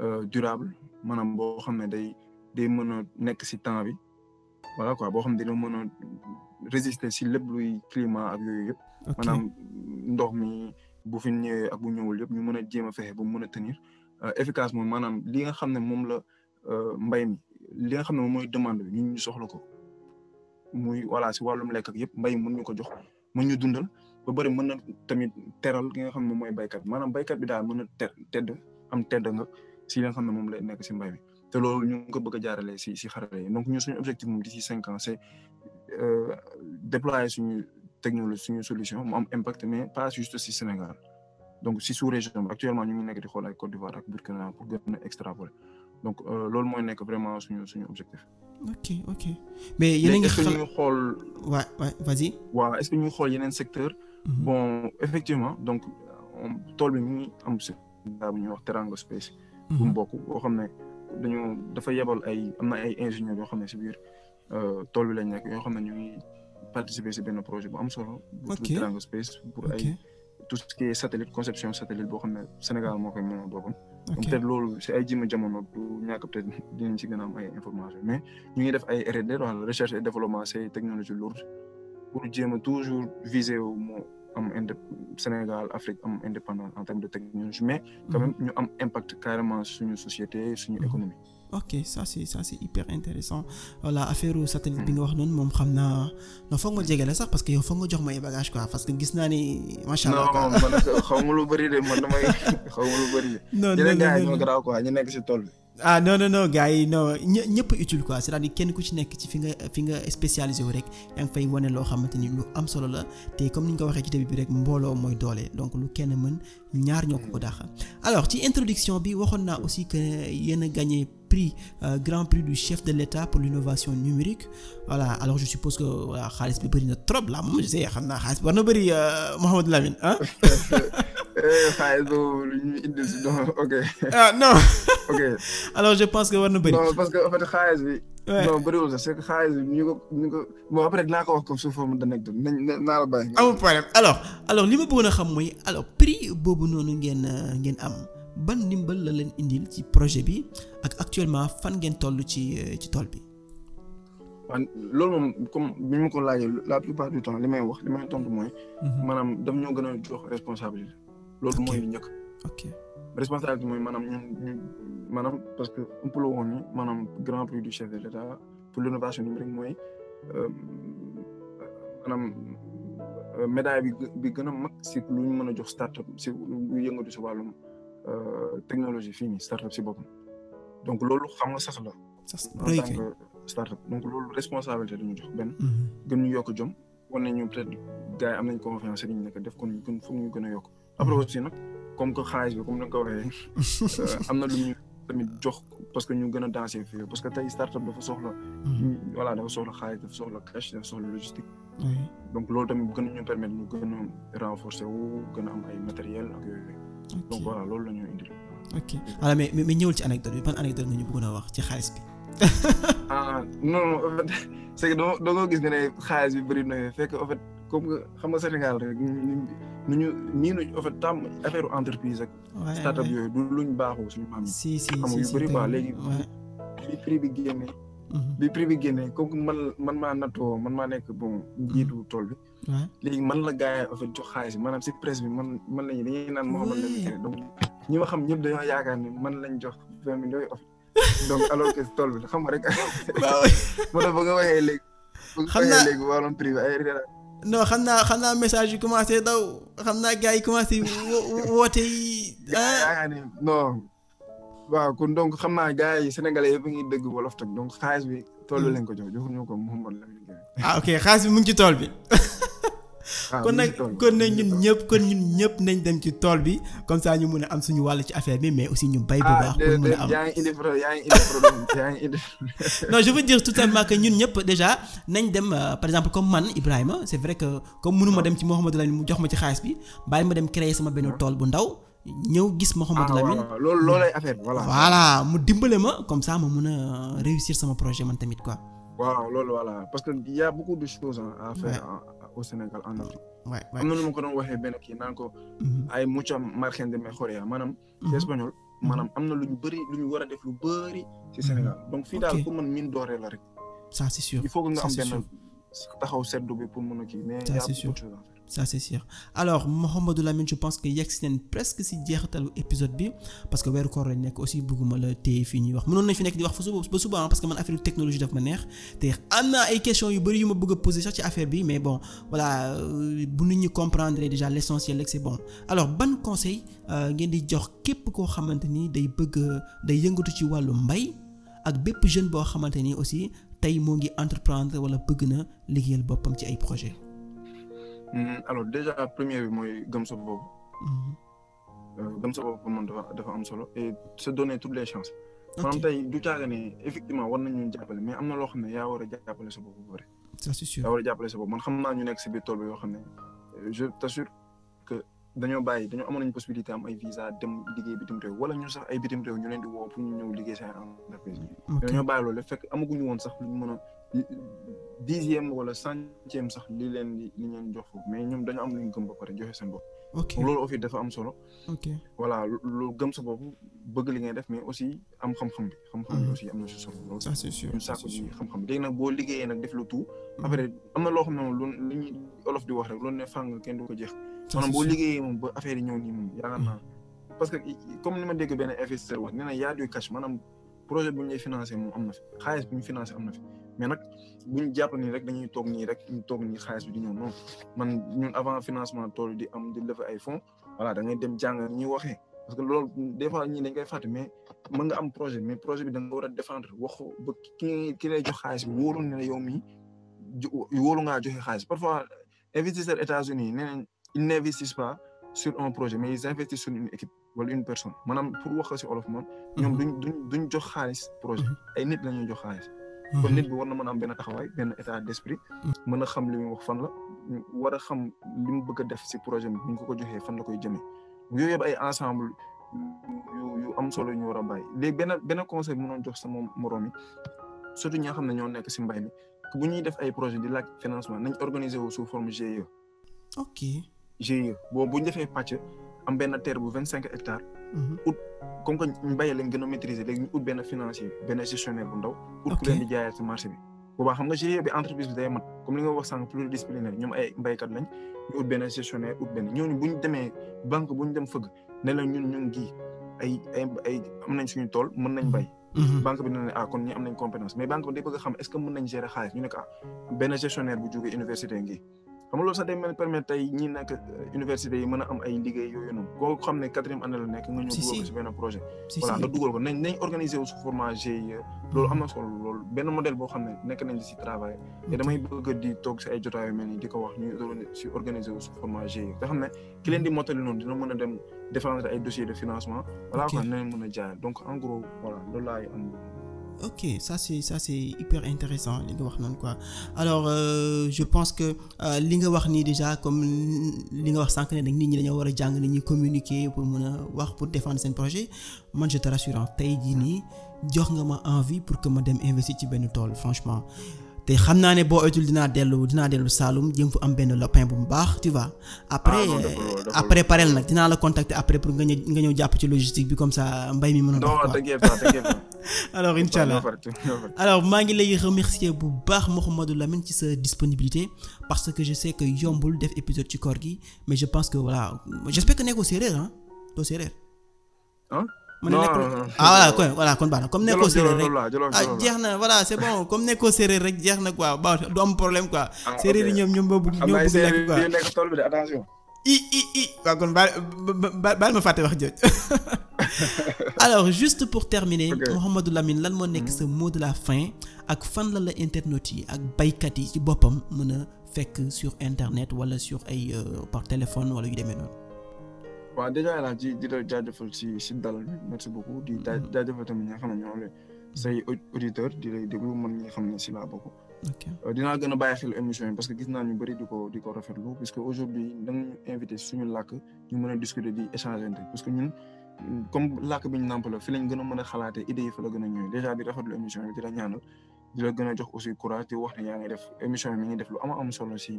euh, durable maanaam boo xam ne day day mën a nekk si temps bi wala quoi boo xam ne dina mën a si lépp luy climat ak yooyu yëpp. maanaam ndox mi bu fi ñëwee ak bu ñëwul yëpp ñu mën a jéem a fexe ba mu mën a tenir euh, efficace moom maanaam li nga xam ne moom la mbay mi li nga xam ne moom mooy demande bi ñun soxla ko muy voilà si wàllum lekk yëpp mbay mën ñu ko jox. mën ñu dundal ba bëri mën na tamit teral ki nga xam ne moom mooy béykat maanaam béykat bi daal mën na te tedd am tedd nga si li xam ne moom lay nekk si mbay mi te loolu ñu ngi ko bëgg a jaarale si si xarale yi donc ñun suñu objectif moom d'ici cinq ans c'est euh, déployer suñu technologie suñu solution mu am impact mais pas juste si Sénégal donc si sous région actuellement ñu ngi nekk di xool ay Côte d'Ivoire ak Burkina pour gën a donc euh, loolu mooy nekk vraiment suñu suñu objectif. ok ok mais yéen a ngi est-ce que ñu xool. waaw waaw vas-y. xool yeneen secteur mhm. bon effectivement donc tool bi mi am si. daa bu ñuy wax Teranga Space. Mhm. bu mu bokk boo xam ne dañu dafa yebal ay am na ay ingénieurs yoo xam ne si biir euh, tool bi lañ nekk yoo xam ne ñu ngi participer si benn projet bu am solo. bu tudd Teranga Space pour ay tout ce qui est satellite conception satellite boo xam ne Sénégal moo koy mën a ok peut loolu si ay jima jamono du ñàkk peut-être dinañ si gën a am information mais ñu ngi def ay R&D wala recherche et développement ces technologies lourdes pour jéem a toujours viser wu moo am ind Sénégal Afrique am indépendance en termes de technologie mais quand mhm. ñu am impact carrément suñu société suñu mhm. économie. ok ça c'est ça hyper intéressant voilà affaire satellite bi nga wax noonu moom xam naa non foog ma jege la sax parce que yow foog nga jox ma ay bagage xaw ma lu bëri de man damay [laughs] xaw ma lu tool bi. ah non non non yi non ñë ñëpp utile quoi cest à kenn ku ci nekk ci fi nga fi nga spécialisé wu rek yaa ngi fay wane loo xamante ni lu am solo la te comme ni ñu ko waxee ci début bi rek mbooloo mooy doole donc lu kenn mën ñaar ñoo ko ko daaxal alors ci introduction bi waxoon naa aussi que yéen a prix euh, grand prix du chef de l'État pour l'innovation numérique voilà alors je suppose que voilà xaalis bi bëri na trop là moom je xam naa xaalis bi war na bëri euh, Mouhamed Lamine [laughs] euh, [laughs] ah. xaalis [laughs] parce que en fait li ma bëggoon boobu noonu ngeen euh, ngeen am. ban ndimbal la leen indil ci projet bi ak actuellement fan ngeen toll ci euh, ci tool bi. waaw loolu moom comme bi ñu ko laaja la plupart du temps li may wax li may tontu mooy. Mhm. maanaam ñoo gën a jox responsabilité. loolu mooy njëkk. ok responsabilité mooy maanaam ñun maanaam parce que ëpp la woon ñu maanaam grand prix du chef de l'État pour l'innovation numérique mooy euh, maanaam euh, médaille bi bi gën a mag si lu ñu mën a jox start-up si lu yëngatu si wàllum. Euh, technologie fii nii startup si boppam donc loolu xam nga sax la. en tant que loolu responsabilité dañu jox benn. Mhm. gën ñu yokk jom wane nañu peut être gars yi am ko ñu gën foog ñu gën a yokk mhm. après aussi nag comme que xaalis bi comme ni nga ko waxee [laughs] euh, am na lu ñu tamit jox parce que ñu gën a danser fii parce que tey startup dafa soxla. Mhm. voilà dafa soxla xaalis dafa soxla cash dafa soxla logistique. donc loolu tamit gën ñu permettre ñu gën a renforcer wu gën a am ay matériel loolu la ñu indi. ok alors mais mais ñëwul ci anecdote bi ban anecdote nga ñu bëggoon na wax ci xaalis bi. [laughs] ah non doo [laughs] doo ko gis nga ne bëri na fekk en fait comme que Sénégal rek ñu ñu nii nañ en fait tam affaire entreprise ak. startup yooyu du luñ baaxoo suñu maam yi. si si si yu bi prix bi génnee. Mhm. bi prix bi génnee comme man man maa nattoo man maa nekk bon jiitu tool bi. léegi man la gars yi en fait jox xaalis bi maanaam si presse bi man man lañu dañuy naan Mouhamed Lamine Touré xam ñëpp dañoo yaakaar ni man lañ jox vingt millions en fait donc [laughs] alors tool bi xam nga rek. waaw [laughs] moo tax ba nga waxee léegi. xam naa léegi ay non xam naa xam naa message yi commencé daw xam naa gars yi commencé wo woote yi. [laughs] Ah. waaw kon donc xam naa gars yi sénégalais yëpp a ngi wolof tak donc xaalis bi. tool bi lañ ko jox joxuñu ko Mouhamad Lamine Gueye. ah ok xaalis bi mu ngi ci tool bi. [laughs] Ah, kon nag kon nañ ñun ñëpp kon ñun ñëpp nañ dem ci tool bi comme ça ñu mun a am suñu wàll ci affaire bi mais aussi ñu bay bu ah, baax. pour mun a [laughs] ñun ñëpp déjà nañ dem euh, par exemple comme man Ibrahima c'est vrai que comme mënu ma ah. dem ci Mouhamad Lamine mu jox ma ci xaalis bi bàyyi ma dem créer sama benn tool bu ndaw. ñëw gis ma ah, Lamine ah loolu loolay affaire bi voilà. voilà mu dimbale ma comme ça ma mun a réussir sama projet man tamit quoi. waaw loolu voilà parce que y a beaucoup de choses à faire au Sénégal en am na nu ma ko doon waxee benn kii naan ko. Mhm. ay mucha de mejoría maanaam. ci mhm. espagnol mhm. maanaam am na lu ñu bëri lu ñu war a def lu bëri. ci Sénégal donc fii daal pour man mine dooree la rek. ça c'est sûr il faut que nga am benn taxaw seddu bi pour mën a kii mais. c'est sûr ça c'est sûr alors Mouhamadou Lamine je pense que yegg si nañ presque si jeexitalu épisode bi parce que weeru koor nekk aussi bëgguma la téye fii ñuy wax mënoon nañ fi nekk di wax fa suba ba suba parce que man affaire technologie daf ma neex te am na ay question yu bëri yu ma bëgg a poser sax ci affaire bi mais bon voilà euh, bu nit ñi comprendre déjà l'essentiel rek c'est bon alors ban conseil euh, ngeen di jox képp koo xamante nii day bëgg day yëngatu ci wàllu mbay ak bépp jeune boo xamante ni aussi tey moo ngi entreprendre wala bëgg na liggéeyal boppam ci ay projet Mm, alors déjà première bi mooy gëm sa bopp. Mm-hmm. Euh, gëm sa bopp pour man dafa dafa am solo et se donner toutes les chances. maanaam tey du caaga ne effectivement war nañu jàppale mais am na loo xam ne yaa war a jàppale sa bopp bu bëri. ça c'est sûr yaa war a jàppale sa bopp xam naa ñu nekk si biir tool yoo xam ne euh, je t'assure que dañoo bàyyi dañoo amoon nañu possibilité am ay visa dem liggéey bitim réew wala ñu sax ay bitim réew ñu leen di woo pour ñu ñëw liggéey seen entreprise. dañoo bàyyi loolu fekk amaguñu woon sax lu ñu mën a dixième wala centième sax li leen di li leen jox foofu mais ñoom dañu am lu ñu gëm ba pare joxe seen bopp. ok loolu aussi dafa am solo. ok voilà loolu gëm sa bopp bëgg li ngay def mais aussi am xam-xam bi. xam-xam bi mhm. aussi am na si solo loolu. ça c'est sûr ñu sàkku si xam-xam bi léegi nag boo liggéeyee nag def lu tout. Mhm. après am na loo xam ne moom lu ñuy olof di wax rek loolu ne fàng kenn du ko jeex. maanaam boo liggéeyee moom ba affaire yi ñëw nii moom yaakaar naa. Mhm. parce que comme ni ma dégg benn investisseur wax nee na yaa du cash maanaam projet bu ñu lay financé moom am na fi xaalis bu ñu financé am na fi mais nag bu ñu jàpp nii rek dañuy toog nii rek ñu toog nii xaalis bi di ñëw man ñun avant financement tool di am di lever ay fonds voilà da ngay dem jàng ñuy waxee parce que loolu des fois ñii dañ koy fàtte mais mën nga am projet mais projet bi da nga war a défendre wax ki ki lay jox xaalis bi wóolu ne la yow mii wóolu ngaa joxe xaalis parfois investisseurs États-Unis nee nañ ils n'investissent pas sur un projet mais ils investissent sur une équipe wala une personne maanaam pour wax ko si olof moom. ñoom mhm. duñ duñ duñ jox xaalis projet. Mhm. ay nit la ñuy jox xaalis. kon mhm. nit bi war na man a am benn taxawaay benn état d'esprit. mën a xam li muy wax fan la war a xam li mu bëgg a def si projet bi bu ñu ko ko joxee fan la koy jëmee yooyu yëpp ay ensemble yu am solo ñu war a bàyyi léegi benn benn conseil bi mënoon jox sama moroom yi surtout ñi xam ne ñoo nekk si mbay mi bu ñuy def ay projet di laaj financement nañ organiser wu sous forme GIE. E. ok GIE e. boobu bu ñu defee pàcc am benn teer bu vingt cinq hectares. Mm-hmm. ut comme que mbéy lañ gën a maîtriser léegi ñu ut benn financier benn gestionnaire bu ndaw. ut ku leen di jaayal ci marché bi. boobaa xam nga GIE bi entreprise bi day mat comme li nga wax sànq pluridisciplinaire ñoom ay mbéykat lañ ñu ut benn gestionnaire ut benn ñooñu bu ñu demee banque bu ñu dem fëgg ne la ñun ñu ngi ay ay ay am nañ suñu tool mën nañ bay mm-hmm. banque bi ne ne ah, kon ñi am nañ compétence mais banque bi day bëgg a est-ce que mën nañ gérer xaalis xam nga sax day mën permettre tey ñi nekk euh, université yi mën a am ay liggéey yooyu noonu koo xam ne quatrième année la nekk nga ñëw dugal ko si benn projet voilà nga dugal wu su format GIE loolu am na solo lool benn modèle boo xam ne nekk nañ di si travail te damay bëgg di toog si ay jotaay yu mel nii di ko wax ñuy si organiser wu su format GIE nga xam ne ki leen di mottali noonu dina mën a dem défendre ay dossiers de financement voilà quoi nañ mën a jaay donc en gros voilà ok ça c'est ça c'est hyper li nga wax noonu quoi alors euh, je pense que euh, li nga wax nii déjà comme li nga wax sànq ne nit ñi dañoo war a jàng ni ñuy communiquer pour mën a wax pour défendre seen projet man je te rassure tey jii nii jox nga ma envie pour que ma dem investir ci benn tool franchement. te xam naa ne boo oytul dinaa dellu dinaa dellu Saloum jëm fu am benn lopin bu mu baax tu vois. après ah, après parel nag dinaa la contacter après pour nga ñëw nga ñëw jàpp ci logistique bi comme ça mbay mi mën a. dox quoi [laughs] alors incha allah alors maa ngi lay remercier bu baax Mouhamadou Lamine ci sa disponibilité parce que je sais que yombul def épisode ci koor gi mais je pense que voilà j'espère que nekkoo séeréer ah doo séeréer. mu ne nekkul ah voilà voilà kon baax na comme nekkoo séeréer rek ah, jeex na voilà c'est bon comme nekkoo séeréer rek jeex na quoi ba du am problème quoi ah, séeréer yi ñoom ñoom ba bëgg ñoo bëgg lekk quoi nekk tool i i i waaw kon baal baal ma fàtte wax jooju [laughs] alors pour terminer Mouhamadou lan moo nekk mhm. sa mot de la fin ak fan la la internautes yi ak baykat yi ci boppam mun a fekk sur internet wala sur ay euh, par téléphone wala yu demee noonu waaw dèjà El Hadj di la jaajëfal si si dalal bi merci beaucoup di mm-hmm. jaajëfal tamit ñi nga xam ne ñoo lay say auditeur di lay déglu man ñi nga xam ne si laa bokk. Euh, dinaa gën a bàyyi xel émission yi parce que gis naa ñu bëri di ko di ko rafetlu puisque aujourd'hui danga ñu invité suñu làkk ñu mën a discuter di échanger parce que ñun comme làkk bi ñu nàmp la fi lañ gën a mën a xalaatee idées yi fa la gën a ñëwee dèjà di rafetlu émission bi di la ñaanal di la gën a jox aussi courage di wax ne ngi def émission bi ngi def lu am am solo si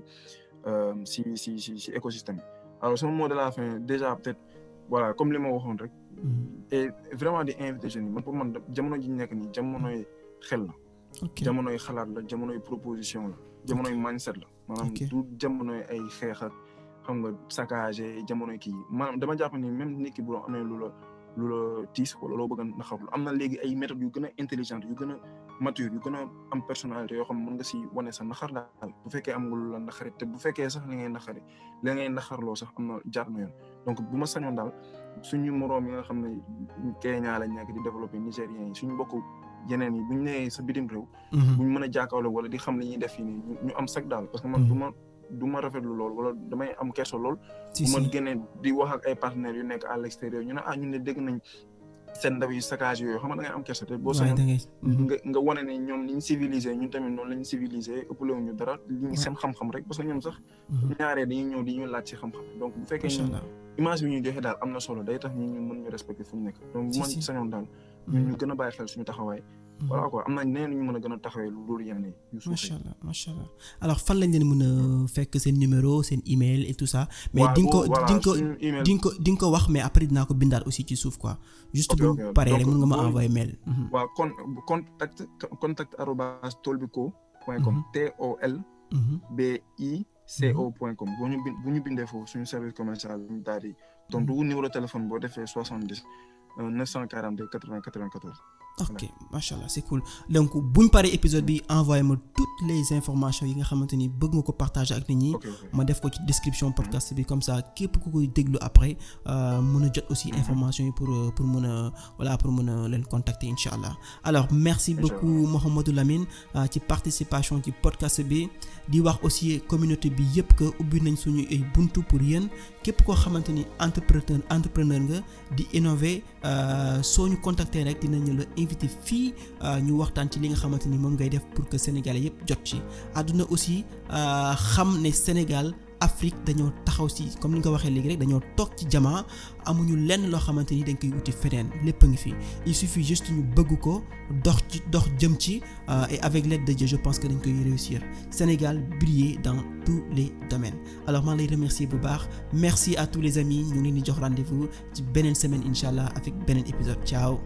euh, si si si si écosystème alors sama moo de la fin déjà peut-être voilà comme li ma waxoon rek. Mm-hmm. et vraiment di invité jeunes yi man pour man jamono ji ñu nekk nii jamonoy xel la. jamonoy xalaat la jamonoy proposition la jamonoy mindset la. maanaam du jamonoy ay xeex xam nga saccagé jamonoy kii maanaam dama jàpp ni même nit ki bu doon am lu la lu la tiis wala loo bëgg a naxawlu am na léegi ay méthodes yu gën a intelligentes yu gën a. mature yu gën a am personnalité yoo xam ne mën nga si wane sa naxar daal bu fekkee am nga lu la naxari te bu fekkee sax li ngay naxari li ngay naxarloo sax am na jaar na yoon donc bu ma sañoon daal suñu moroom yi nga xam ne Kenya lañ nekk di développé nigériens yi suñu bokk yeneen yi buñ nee sa bitim réew mhm. buñ mën a jàkkaarloo wala di xam li ñuy def yi nii ñu am sag daal parce que man mhm. du ma du ma rafetlu lool wala damay am kerso lool bu ma génnee di wax ak ay partenaires yu nekk à l'extérieur ñu ne ah ñun ne dégg seen ndaw yi saccage yooyu xam nga da ngay am kersa te boo sañoon nga mhm. nga wane ne ñoom ni ñu civilisé ñun tamit noonu la ñu civilisé ëppale ñu dara li ñu seen xam-xam rek parce que ñoom sax mhm. ñaaree dañuy ñëw di ñu laaj si xam-xam donc bu fekkee ñu image bi ñu joxe daal am na solo day tax ñu ñu mën ñu respecté nekk donc bu ma sañoon daal mhm. ñu gën a bàyyi xel suñu taxawaay voilà quoi am na ñeneen ñu mën a gën a taxawee loolu yenn yi. macha allah macha allah alors fan lañ leen mën a fekk seen numéro seen email et tout ça. mais di ko di nga ko di nga ko wax mais après dinaa ko bindaat aussi ci suuf quoi. juste bu paree rek mën nga ma envoyer mail. Mhm. waaw con contact contact arobase point com mhm. T O L. Mhm. B I C bu ñu bindee foofu suñu service commercial ñu daal di tontu numéro téléphone boo defee soixante dix euh, neuf cent quarante quatre vingt quatorze ok macha allah c'est cool donc buñ paree épisode bi envoyé ma toutes les informations yi nga xamante ni bëgg nga ko partager ak nit ñi. ma def ko ci description mhm. podcast bi comme ça képp ku koy déglu après euh, mën a jot aussi mhm. information yi pour euh, pour mën a voilà pour mën a leen contacter incha allah. alors merci beaucoup Mouhamadou Lamine euh, ci participation ci podcast bi di wax aussi communauté bi yëpp que ubbi nañ suñu ay buntu pour yéen képp koo xamante ni entrepreneur entrepreneur nga di innover soo ñu contacter rek dinañu invité fii euh, ñu waxtaan ci li nga xamante ni moom ngay def pour que sénégalais yëpp jot ci àdduna aussi euh, xam ne Sénégal Afrique dañoo taxaw si comme ni nga ko waxee léegi rek dañoo toog ci jamaa amuñu lenn loo xamante ni dañ koy wuti feneen lépp a ngi fi il suffit juste ñu bëgg ko dox ci dox jëm ci euh, et avec l'aide de je pense que dañ koy réussir Sénégal briller dans tous les domaines alors maa lay remercier bu baax merci à tous les amis ñu ngi leen di jox rendez-vous ci beneen semaine incha allah avec beneen épisode ciao